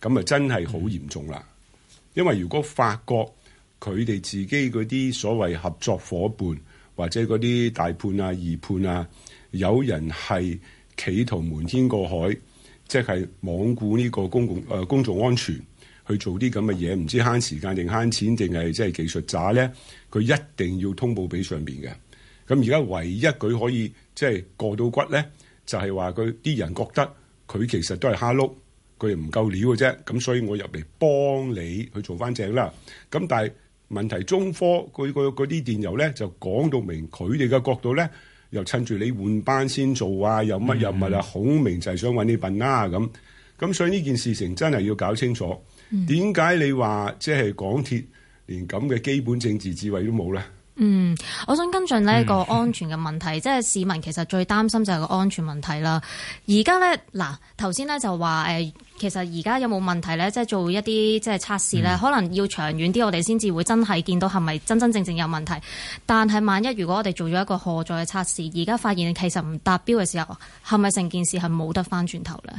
咁啊，真係好嚴重啦。因為如果發覺佢哋自己嗰啲所謂合作伙伴或者嗰啲大判啊、二判啊，有人係企圖瞞天過海，即係罔顧呢個公共、呃、公眾安全去做啲咁嘅嘢，唔知慳時間定慳錢定係即係技術渣咧？佢一定要通報俾上面嘅，咁而家唯一佢可以即係、就係、過到骨咧，就係話佢啲人覺得佢其實都係蝦碌，佢又唔夠料嘅啫，咁所以我入嚟幫你去做翻正啦。咁但係問題中科佢嗰啲電郵咧就講到明，佢哋嘅角度咧又趁住你換班先做啊，又乜又乜啊，好、mm. 明就係想搵你笨啦咁。咁所以呢件事情真係要搞清楚點解、mm. 你話即係港鐵？連咁嘅基本政治智慧都冇呢？嗯，我想跟進呢個安全嘅問題，即係市民其實最擔心就係個安全問題啦。而家呢，嗱頭先呢就話誒，其實而家有冇問題呢？即係做一啲即係測試呢，可能要長遠啲，我哋先至會真係見到係咪真真正正有問題。但係萬一如果我哋做咗一個荷載嘅測試，而家發現其實唔達標嘅時候，係咪成件事係冇得翻轉頭呢？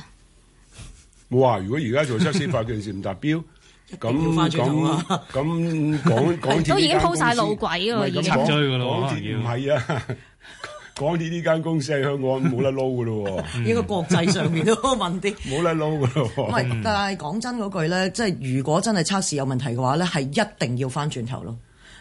冇啊！如果而家做測試發現件事唔達標。咁咁咁講講 都已經鋪晒路軌喎，講已經測追嘅咯，唔係啊，講呢呢間公司喺香港冇 得撈㗎咯喎，應該、嗯、國際上面都問啲冇得撈㗎咯喎，唔、嗯、但係講真嗰句咧，即、就、係、係、如果真係測試有問題嘅話咧，係一定要翻轉頭咯。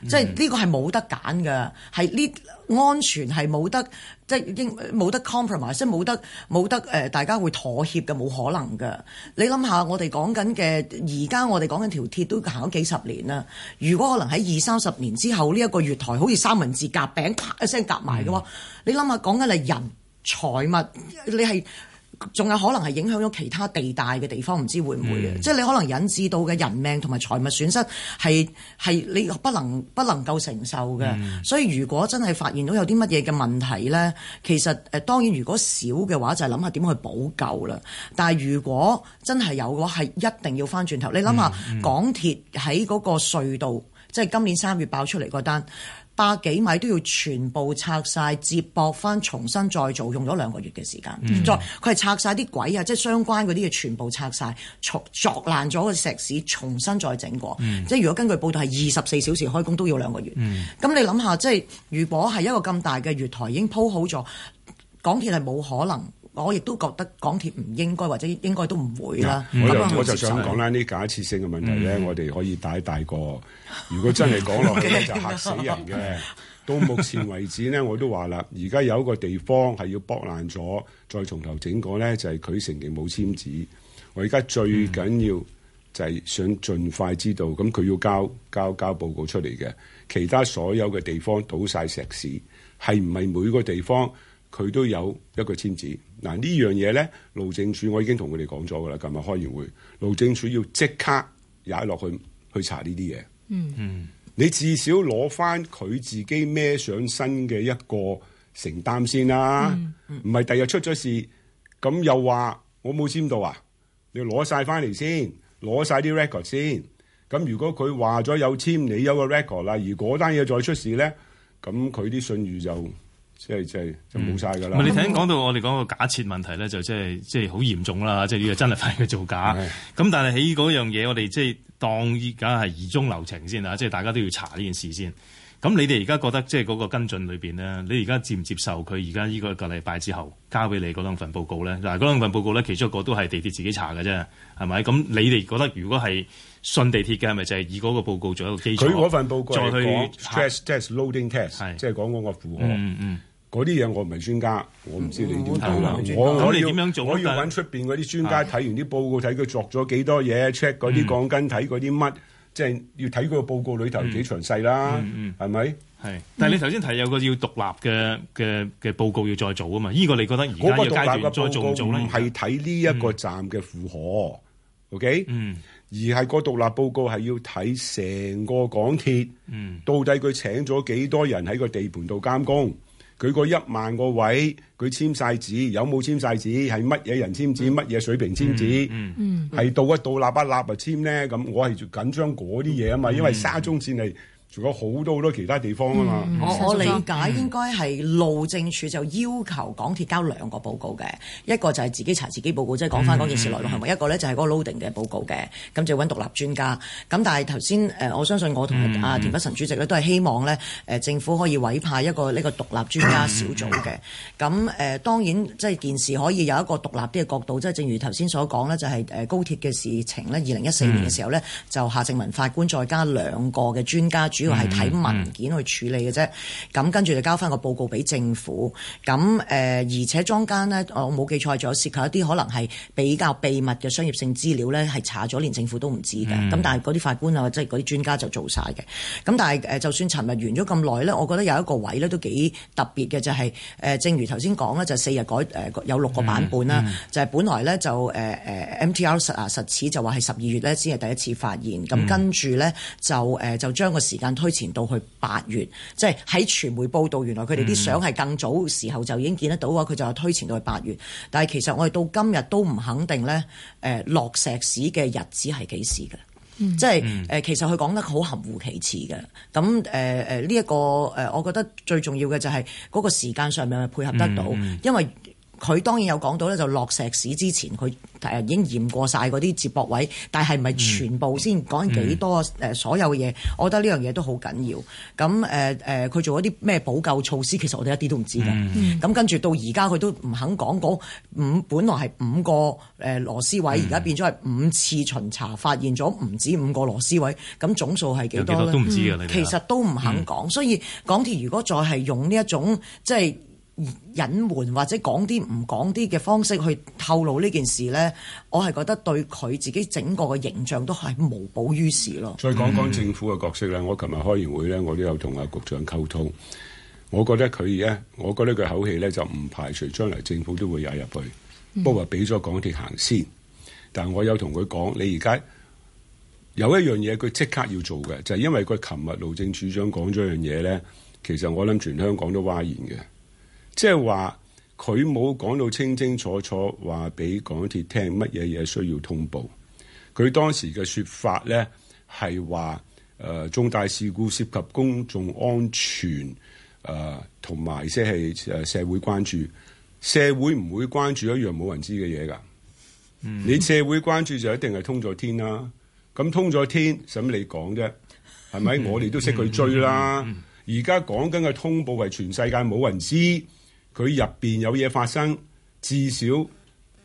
即係呢個係冇得揀嘅，係呢安全係冇得即係冇得 compromise，即係冇得冇得、呃、大家會妥協嘅冇可能嘅。你諗下，我哋講緊嘅而家我哋講緊條鐵都行咗幾十年啦。如果可能喺二三十年之後呢一個月台好似三文治夾餅啪、嗯、一聲夾埋嘅喎，你諗下講緊係人、財、物，你係。仲有可能係影響咗其他地帶嘅地方，唔知會唔會嘅，嗯、即係你可能引致到嘅人命同埋財物損失係係你不能不能夠承受嘅。嗯、所以如果真係發現到有啲乜嘢嘅問題呢，其實誒、呃、當然如果少嘅話就係諗下點去補救啦。但係如果真係有嘅話，係一定要翻轉頭。你諗下港鐵喺嗰個隧道，即係今年三月爆出嚟嗰單。百幾米都要全部拆晒，接駁翻，重新再做，用咗兩個月嘅時間。再佢係拆晒啲鬼啊，即係相關嗰啲嘢全部拆晒，鑿爛咗個石屎重新再整過。嗯、即係如果根據報道係二十四小時開工都要兩個月。咁、嗯、你諗下，即係如果係一個咁大嘅月台已經鋪好咗，港鐵係冇可能。我亦都覺得港鐵唔應該，或者應該都唔會啦、嗯。我就我就想講啦，啲假設性嘅問題咧，嗯、我哋可以帶帶過。如果真係講落去咧， 就嚇死人嘅。到目前為止咧， 我都話啦，而家有一個地方係要剝爛咗，再從頭整個咧，就係佢成件冇簽字。我而家最緊要就係想盡快知道，咁佢、嗯、要交交交報告出嚟嘅。其他所有嘅地方倒晒石屎，係唔係每個地方佢都有一個簽字？嗱、啊這個、呢樣嘢咧，路政署我已經同佢哋講咗噶啦，今日開完會，路政署要即刻踩落去去查呢啲嘢。嗯嗯，你至少攞翻佢自己孭上身嘅一個承擔先啦、啊，唔係第日出咗事，咁又話我冇簽到啊？你攞晒翻嚟先，攞晒啲 record 先。咁如果佢話咗有簽，你有個 record 啦。如果單嘢再出事咧，咁佢啲信譽就～即係即係就冇晒噶啦。唔係你頭先講到我哋講個假設問題咧，就即係即係好嚴重啦。 即係呢個真係快佢造假。咁的但係喺嗰樣嘢，我哋即係當而家係疑中留情先啦。即係大家都要查呢件事先。咁你哋而家覺得即係嗰個跟進裏面呢，你而家接唔接受佢而家呢個一個禮拜之後交俾你嗰兩份報告咧？嗱，嗰兩份報告咧，其中一個都係地鐵自己查嘅啫，係咪？咁你哋覺得如果係信地鐵嘅，係咪就係以嗰個報告做一個基礎？嗰份報告再去 Stress Test, Loading Test, 是即係講嗰個負荷，嗯嗯。嗯嗰啲嘢我唔係專家，我唔知你點睇。我哋點樣做？我我要我要揾出面嗰啲專家睇完啲報告，睇佢作咗幾多嘢，check 嗰啲鋼筋睇嗰啲乜，即係要睇個報告裏頭幾詳細啦。係咪？係。但係你頭先提有個要獨立嘅嘅嘅報告要再做啊嘛？呢個你覺得而家階段再做唔係睇呢一個站嘅負荷，OK？嗯。而係個獨立報告係要睇成個港鐵，到底佢請咗幾多人喺個地盤度監工？佢嗰一萬個位，佢簽曬字，有冇簽曬字？係乜嘢人簽字？乜嘢、嗯、水平簽字？係、嗯嗯、到一到立不立，立就簽呢？咁，我係緊張嗰啲嘢啊嘛，因為沙中線係。嗯嗯除咗好多好多其他地方啊嘛、嗯，我我理解應該係路政署就要求港鐵交兩個報告嘅，一個就係自己查自己報告，即係講翻嗰件事來龍去脈；嗯、一個咧就係嗰個 loading 嘅報告嘅，咁就揾獨立專家。咁但係頭先誒我相信我同阿田北辰主席咧都係希望咧誒、呃、政府可以委派一個呢個獨立專家小組嘅。咁誒、嗯呃、當然即係、就是、件事可以有一個獨立啲嘅角度，即、就、係、是、正如頭先所講咧，就係、是、誒高鐵嘅事情咧，二零一四年嘅時候咧，嗯、就夏正文法官再加兩個嘅專家。主要係睇文件去處理嘅啫，咁、嗯嗯、跟住就交翻個報告俾政府。咁誒、呃、而且中間咧，我冇記錯，係仲有涉及一啲可能係比較秘密嘅商業性資料咧，係查咗連政府都唔知嘅。咁、嗯、但係嗰啲法官啊，即係嗰啲專家就做晒嘅。咁但係誒就算尋日完咗咁耐咧，我覺得有一個位咧都幾特別嘅，就係、是、誒正如頭先講咧，就四日改誒、呃、有六個版本啦，嗯嗯、就係本來咧就誒誒、呃、MTR 實啊實始就話係十二月咧先係第一次發現，咁、嗯、跟住咧就誒、呃、就將個時間。推前到去八月，即係喺傳媒報道，原來佢哋啲相係更早時候就已經見得到啊！佢、嗯、就推前到去八月，但係其實我哋到今日都唔肯定呢誒、呃、落石屎嘅日子係幾時嘅，嗯、即係誒、呃，其實佢講得好含糊其詞嘅。咁誒誒，呢、呃、一、這個誒、呃，我覺得最重要嘅就係嗰個時間上面係配合得到，嗯、因為。佢當然有講到咧，就落石屎之前佢誒已經驗過晒嗰啲接駁位，但係咪全部先講幾多、嗯嗯、所有嘅嘢？我覺得呢樣嘢都好緊要。咁誒誒，佢、呃、做一啲咩補救措施？其實我哋一啲都唔知嘅。咁、嗯、跟住到而家佢都唔肯講講五，本來係五個誒螺絲位，而家、嗯、變咗係五次巡查發現咗唔止五個螺絲位，咁總數係幾多？多都唔知，其實都唔肯講。嗯、所以港鐵如果再係用呢一種即係。隱瞞或者講啲唔講啲嘅方式去透露呢件事咧，我係覺得對佢自己整個嘅形象都係無補於事咯。再講講政府嘅角色咧，我琴日開完會咧，我都有同阿局長溝通。我覺得佢而家，我覺得佢口氣咧，就唔排除將來政府都會引入去，不過俾咗港鐵行先。但係我有同佢講，你而家有一樣嘢，佢即刻要做嘅就係因為佢琴日路政處長講咗一樣嘢咧，其實我諗全香港都嘩然嘅。即係話佢冇講到清清楚楚，話俾港鐵聽乜嘢嘢需要通報。佢當時嘅說法咧係話，誒、呃、重大事故涉及公眾安全，誒同埋即係誒社會關注。社會唔會關注一樣冇人知嘅嘢噶。嗯、你社會關注就一定係通咗天啦、啊。咁、啊、通咗天，使乜你講啫？係咪？嗯、我哋都識佢追啦。而家講緊嘅通報係全世界冇人知。佢入邊有嘢發生，至少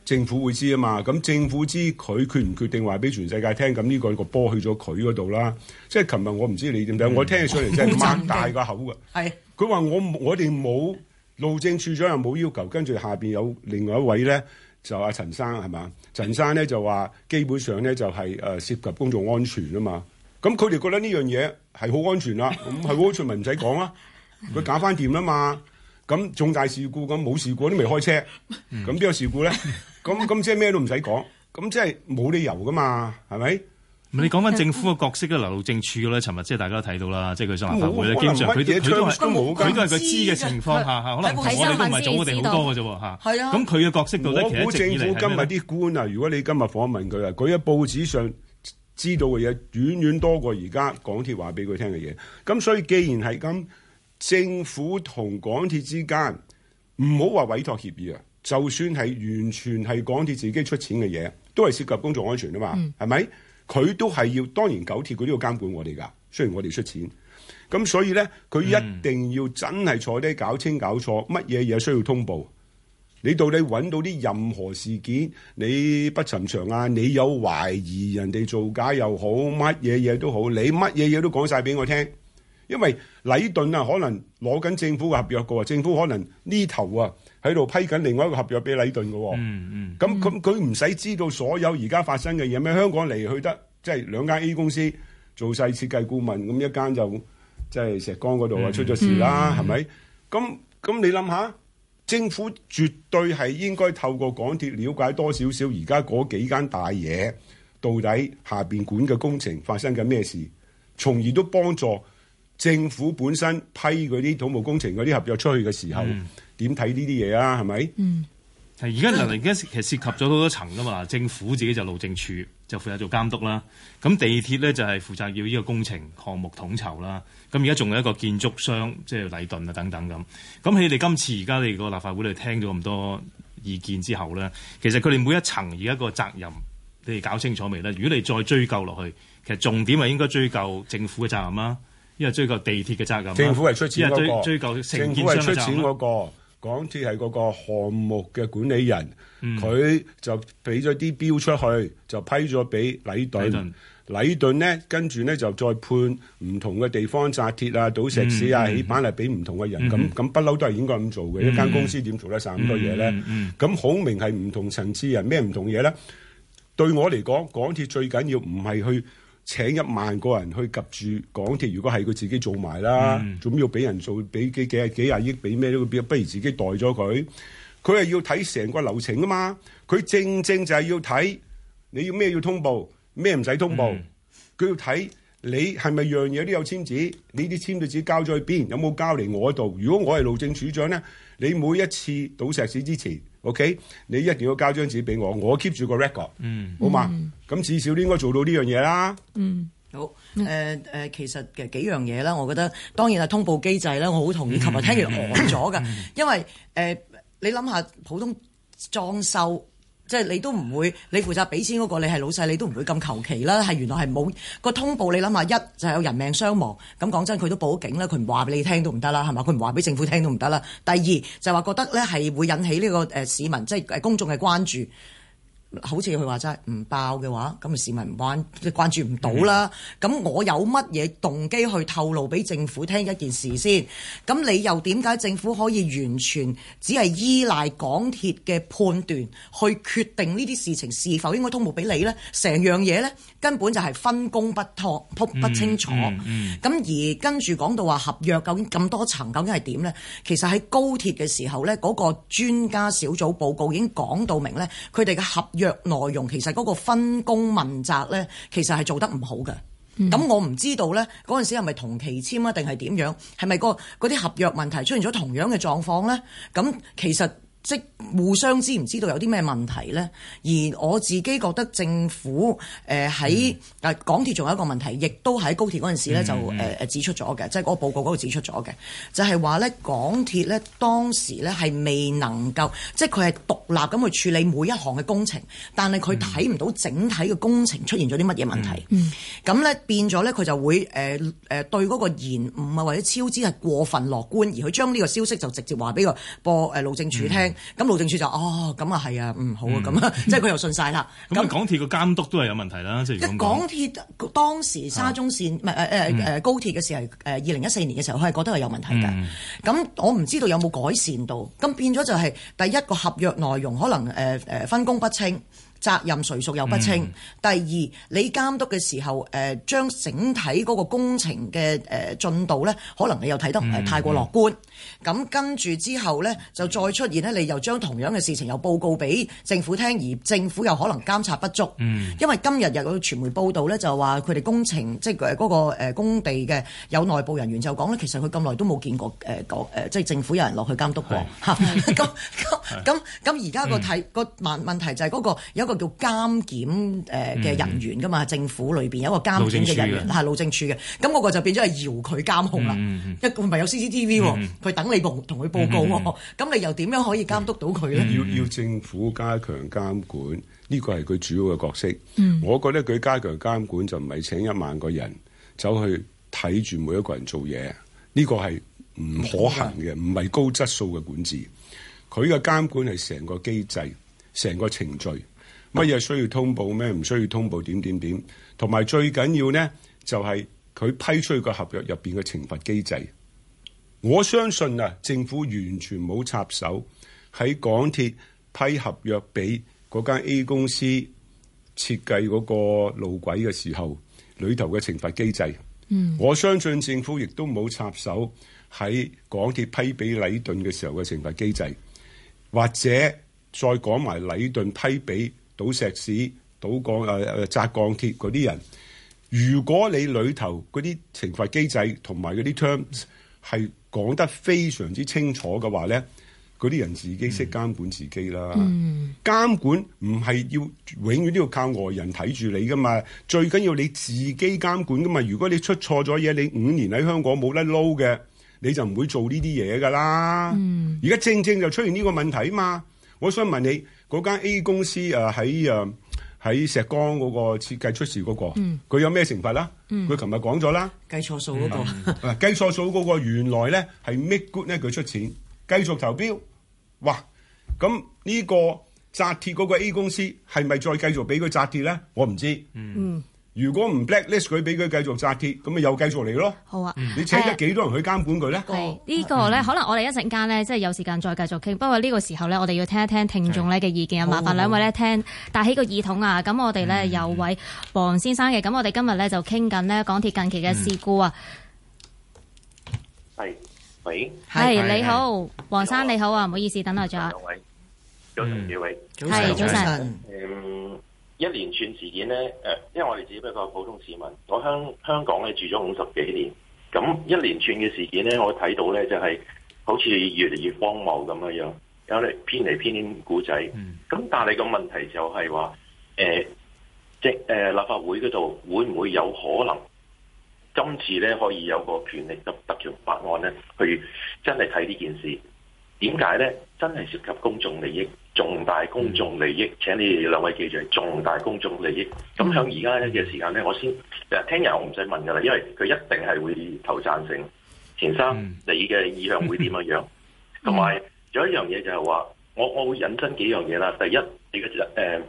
政府會知啊嘛。咁政府知佢決唔決定話俾全世界聽，咁呢個個波去咗佢嗰度啦。即係琴日我唔知你點解，嗯、我聽起上嚟真係擘大個口㗎。係佢話我我我哋冇路政處長又冇要求，跟住下邊有另外一位咧，就阿、啊、陳生係嘛？陳生咧就話基本上咧就係誒涉及公眾安全啊嘛。咁佢哋覺得呢樣嘢係好安全啦、啊，咁係 安全咪唔使講啦。佢搞翻掂啦嘛。咁重大事故咁冇事故都未開車，咁邊有事故咧？咁咁 即係咩都唔使講，咁即係冇理由噶嘛？係咪？唔係你講翻政府嘅角色嘅 路政署啦，尋日即係大家都睇到啦，即係佢新聞發佈咧，經常佢都佢都係佢知嘅情況下，可能我哋都唔係早我哋好多㗎啫喎嚇。係啊，咁佢嘅角色到底其實一直以嚟咧。我估政府今日啲官啊，如果你今日訪問佢啊，佢喺報紙上知道嘅嘢，遠遠多過而家港鐵話俾佢聽嘅嘢。咁所以既然係咁。政府同港鐵之間唔好話委託協議啊，就算係完全係港鐵自己出錢嘅嘢，都係涉及公眾安全啊嘛，係咪，嗯？佢都係要當然九鐵佢都要監管我哋噶，雖然我哋出錢，咁所以咧佢一定要真係坐低搞清搞錯乜嘢嘢需要通報。你到底揾到啲任何事件，你不尋常啊？你有懷疑人哋造假又好，乜嘢嘢都好，你乜嘢嘢都講晒俾我聽。因為禮頓啊，可能攞緊政府嘅合約嘅，政府可能呢頭啊喺度批緊另外一個合約俾禮頓嘅、哦。咁咁佢唔使知道所有而家發生嘅嘢咩？香港嚟去得即係、就是、兩間 A 公司做晒設計顧問，咁一間就即係、就是、石崗嗰度啊出咗事啦，係咪？咁咁你諗下，政府絕對係應該透過港鐵了解多少少而家嗰幾間大嘢到底下邊管嘅工程發生緊咩事，從而都幫助。政府本身批嗰啲土木工程嗰啲合約出去嘅時候，點睇呢啲嘢啊？係咪？嗯，係而家嗱，而家其實涉及咗好多層噶嘛。政府自己就路政署就負責做監督啦。咁地鐵咧就係負責要呢個工程項目統籌啦。咁而家仲有一個建築商，即係禮頓啊等等咁。咁喺你，今次而家你個立法會嚟聽咗咁多意見之後咧，其實佢哋每一層而家個責任你哋搞清楚未咧？如果你再追究落去，其實重點係應該追究政府嘅責任啦。因為追究地鐵嘅責任，政府係出錢嗰、嗰個，追追究政府係出錢嗰、嗰個，港鐵係嗰個項目嘅管理人，佢、嗯、就俾咗啲標出去，就批咗俾禮頓，禮頓咧跟住咧就再判唔同嘅地方紮鐵啊、倒石屎啊、嗯嗯、起板嚟俾唔同嘅人，咁咁不嬲都係應該咁做嘅，一、嗯、間公司點做得曬咁多嘢咧？咁好、嗯嗯嗯、明係唔同層次人，咩唔同嘢咧？對我嚟講，港鐵最緊要唔係去。請一萬個人去及住港鐵，如果係佢自己做埋啦，仲、嗯、要俾人做，俾幾十幾十億俾咩都，不如自己袋咗佢。佢係要睇成個流程㗎嘛，佢正正就係要睇你要咩要通報，咩唔使通報，佢、嗯、要睇。你係咪樣嘢都有簽紙？你啲簽據紙交咗去邊？有冇交嚟我度？如果我係路政署長咧，你每一次倒石屎之前，OK？你一定要交張紙俾我，我 keep 住個 record，嗯，好嘛？咁至少應該做到呢樣嘢啦。嗯，好，誒誒，其實嘅幾樣嘢咧，我覺得當然係通報機制咧，我好同意。琴日聽完戇咗噶，因為誒你諗下普通裝修。即係你都唔會，你負責俾錢嗰個，你係老細，你都唔會咁求其啦。係原來係冇個通報，你諗下一就係有人命傷亡咁。講真，佢都報警啦，佢唔話俾你聽都唔得啦，係嘛？佢唔話俾政府聽都唔得啦。第二就話覺得咧係會引起呢個呃市民即係公眾嘅關注。好似佢話真係唔爆嘅話，咁市民唔關即關注唔到啦。咁、mm hmm. 我有乜嘢動機去透露俾政府聽一件事先？咁你又點解政府可以完全只係依賴港鐵嘅判斷去決定呢啲事情是否應該通報俾你呢？成樣嘢呢，根本就係分工不妥，撲不清楚。咁、mm hmm. 而跟住講到話合約究竟咁多層究竟係點呢？其實喺高鐵嘅時候呢，嗰、那個專家小組報告已經講到明呢，佢哋嘅合約。內容其實嗰個分工問責咧，其實係做得唔好嘅。咁、嗯、我唔知道咧，嗰陣時係咪同期簽啊，定係點樣？係咪個嗰啲合約問題出現咗同樣嘅狀況咧？咁其實。即互相知唔知道有啲咩問題咧？而我自己覺得政府誒喺誒港鐵仲有一個問題，亦都喺高鐵嗰陣時咧就誒誒、嗯嗯呃、指出咗嘅、就是就是，即係嗰個報告嗰度指出咗嘅，就係話咧港鐵咧當時咧係未能夠即係佢係獨立咁去處理每一項嘅工程，但係佢睇唔到整體嘅工程出現咗啲乜嘢問題咁咧、嗯嗯、變咗咧佢就會誒誒、呃呃、對嗰個延誤啊，或者超支係過分樂觀，而佢將呢個消息，就直接話俾個播誒路政署聽。嗯咁路政署就哦咁啊係啊唔好啊咁、嗯，即係佢又信晒啦。咁、嗯、那港鐵個監督都係有問題啦，即係。如果港鐵當時沙中線唔係是、呃呃呃、高鐵嘅時候，誒二零一四年嘅時候，佢係覺得係有問題嘅。咁、嗯、我唔知道有冇改善到，咁變咗就係第一個合約內容可能誒、呃、分工不清。責任誰屬又不清。嗯、第二，你監督嘅時候，誒、呃、將整體個工程嘅誒進度咧，可能你又睇得唔係、呃、太過樂觀。咁、嗯嗯、跟住之後咧，就再出現咧，你又將同樣嘅事情，又報告俾政府聽，而政府又可能監察不足。嗯、因為今日有個傳媒報道咧，就話佢哋工程即係嗰個誒工地嘅有內部人員就講咧，其實佢咁耐都冇見過誒講誒，即、呃、係、呃就是、政府有人落去監督過。咁咁咁而家個睇個問問題就係個個有個。有叫做監檢誒嘅人員㗎嘛？嗯、政府裏邊有一個監檢嘅人員係路政署嘅，咁我、嗯那個就變咗係搖佢監控啦。一唔係有 C C T V，佢等你報同佢報告，咁、嗯、你又點樣可以監督到佢咧？要要政府加強監管，呢個係佢主要嘅角色。嗯、我覺得佢加強監管就唔係請一萬個人走去睇住每一個人做嘢，呢個係唔可行嘅，唔係、嗯、高質素嘅管治。佢嘅監管係成個機制，成個程序。乜嘢需要通報？咩唔需要通報？點點點，同埋最緊要呢，就係、是、佢批出去個合約入邊嘅懲罰機制。我相信啊，政府完全冇插手喺港鐵批合約俾嗰間 A 公司設計嗰個路軌嘅時候，裏頭嘅懲罰機制。嗯，我相信政府亦都冇插手喺港鐵批俾禮頓嘅時候嘅懲罰機制，或者再講埋禮頓批俾倒石屎、倒鋼誒誒紮鋼鐵嗰啲人，如果你裏頭嗰啲懲罰機制同埋嗰啲 terms 係講得非常之清楚嘅話咧，嗰啲人自己識監管自己啦。嗯嗯、監管唔係要永遠都要靠外人睇住你㗎嘛，最緊要你自己監管㗎嘛。如果你出錯咗嘢，你五年喺香港冇得撈嘅，你就唔會做呢啲嘢㗎啦。而家、嗯、正正正就出現呢個問題啊嘛～我想問你，嗰間 A 公司啊喺喺石崗嗰個設計出事嗰、嗰個，佢、嗯、有咩懲罰啦？佢琴日講咗啦，計錯數嗰個，計錯數嗰個原來咧係 make good 咧，佢出錢繼續投標，哇！咁、啊、呢、呢個紮鐵嗰個 A 公司係咪再繼續俾佢紮鐵咧？我唔知。嗯如果唔 black list 佢，俾佢繼續紮鐵，咁咪又繼續嚟咯。好啊，你請咗幾多人去監管佢呢？係呢個咧，可能我哋一陣間咧，即係有時間再繼續傾。不過呢個時候咧，我哋要聽一聽聽眾呢嘅意見。啊，麻煩兩位咧聽戴起個耳筒啊。咁我哋咧有位黃先生嘅。咁我哋今日咧就傾緊呢港鐵近期嘅事故啊。係，喂，你好，黃生你好啊，唔好意思等耐咗。位，位，早晨。一連串事件咧，誒，因為我哋只不過普通市民，我香香港咧住咗五十幾年，咁一連串嘅事件咧，我睇到咧就係、是、好似越嚟越荒謬咁樣，有啲編嚟編去古仔。咁但係個問題就係話，誒、呃，即立法會嗰度會唔會有可能今次咧可以有個權力特權法案咧，去真係睇呢件事？點解咧？真係涉及公眾利益？重大公眾利益，請你哋兩位記住，重大公眾利益。咁向而家呢嘅時間咧，我先，聽日我唔使問噶啦，因為佢一定係會投贊成。田生，你嘅意向會點樣樣？同埋 有，有一樣嘢就係話，我我會引申幾樣嘢啦。第一，你嘅誒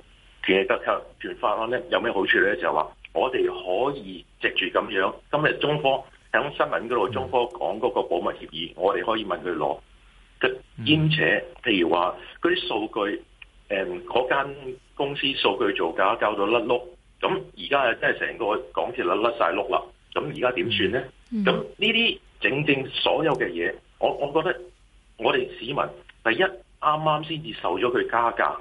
權力及特權、呃、法案咧有咩好處咧？就係話，我哋可以藉住咁樣，今日中科喺新聞嗰度，中科講嗰個保密協議，我哋可以問佢攞。嗯、兼且，譬如話嗰啲數據，誒嗰間公司數據造假，搞到甩碌，咁而家啊真係成個港鐵甩甩曬碌啦，咁而家點算咧？咁呢啲整整所有嘅嘢，我我覺得我哋市民第一啱啱先至受咗佢加價，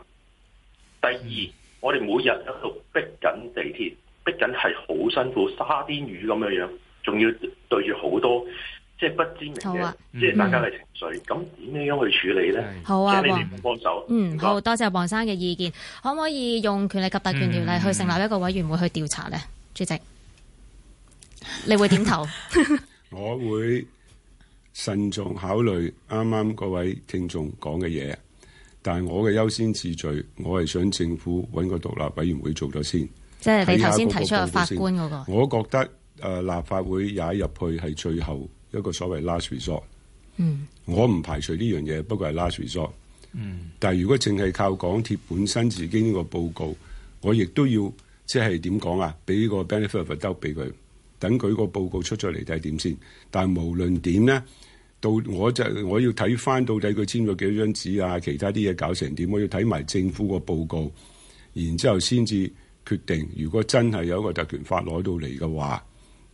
第二我哋每日喺度逼緊地鐵，逼緊係好辛苦，沙甸魚咁樣樣，仲要對住好多。即係不知名嘅，即係、啊嗯、大家嘅情緒，咁點樣樣去處理呢？好啊，王幫手。嗯，是吧好多謝黃生嘅意見，可唔可以用權力及特權條例去成立一個委員會去調查呢、嗯、主席，你會點頭？ 我會慎重考慮啱啱各位聽眾講嘅嘢，但係我嘅優先次序，我係想政府揾個獨立委員會做咗先。即係你頭先提出法官嗰個，我覺得誒、呃、立法會也入去係最後。一個所謂 last resort，嗯，我唔排除呢樣嘢，不過係 last resort，嗯。但係如果淨係靠港鐵本身自己呢個報告，我亦都要即係點講啊？俾個 benefit 兜俾佢，等佢個報告出咗嚟睇點先。但係無論點咧，到我就我要睇翻到底佢簽咗幾多張紙啊，其他啲嘢搞成點，我要睇埋政府個報告，然之後先至決定。如果真係有一個特權法攞到嚟嘅話，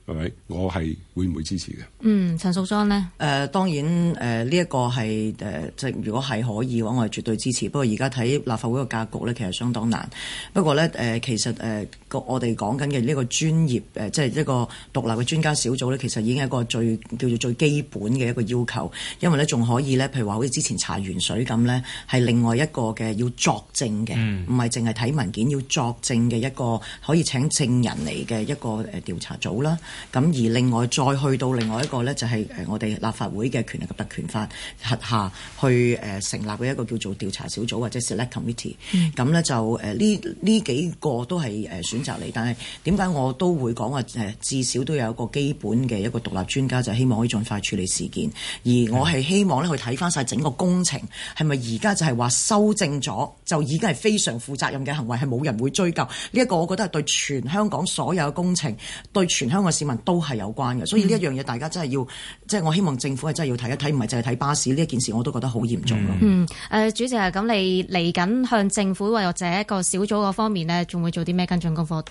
係咪？我係會唔會支持嘅？嗯，陳淑莊呢？誒、呃、當然誒，呢、呃、一、這個係、呃、即如果係可以嘅話，我係絕對支持。不過而家睇立法會嘅格局咧，其實相當難。不過咧、呃、其實誒、呃、我哋講緊嘅呢個專業、呃、即係一個獨立嘅專家小組咧，其實已經係一個最叫做最基本嘅一個要求。因為咧仲可以咧，譬如話好似之前查鉛水咁咧，係另外一個嘅要作證嘅，唔係淨係睇文件要作證嘅一個可以請證人嚟嘅一個誒調查組啦。咁而另外再去到另外一個呢，就係誒我哋立法會嘅權力及特權法轄下去誒成立嘅一個叫做調查小組或者 select committee。咁呢，就誒呢呢幾個都係誒選擇嚟，但係點解我都會講話誒至少都有一個基本嘅一個獨立專家，就希望可以盡快處理事件。而我係希望呢去睇翻晒整個工程係咪而家就係話修正咗，就已經係非常負責任嘅行為，係冇人會追究呢一個。我覺得係對全香港所有嘅工程，對全香港市民都係有關嘅，所以呢一樣嘢，大家真係要，即係我希望政府係真係要睇一睇，唔係淨係睇巴士呢一件事，我都覺得好嚴重咯。嗯，誒、呃，主席係咁，你嚟緊向政府或者一個小組個方面咧，仲會做啲咩跟進功課？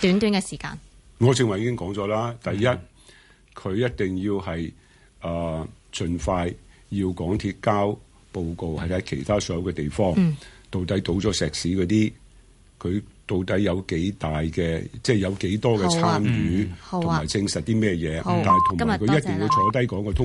短短嘅時間，我正話已經講咗啦。第一，佢一定要係誒，儘快要港鐵交報告，係喺其他所有嘅地方，嗯、到底倒咗石屎嗰啲，佢到底有幾大嘅，即係有幾多嘅參與，同埋、啊嗯啊、證實啲咩嘢？啊啊、但係同埋佢一定要坐低講個通。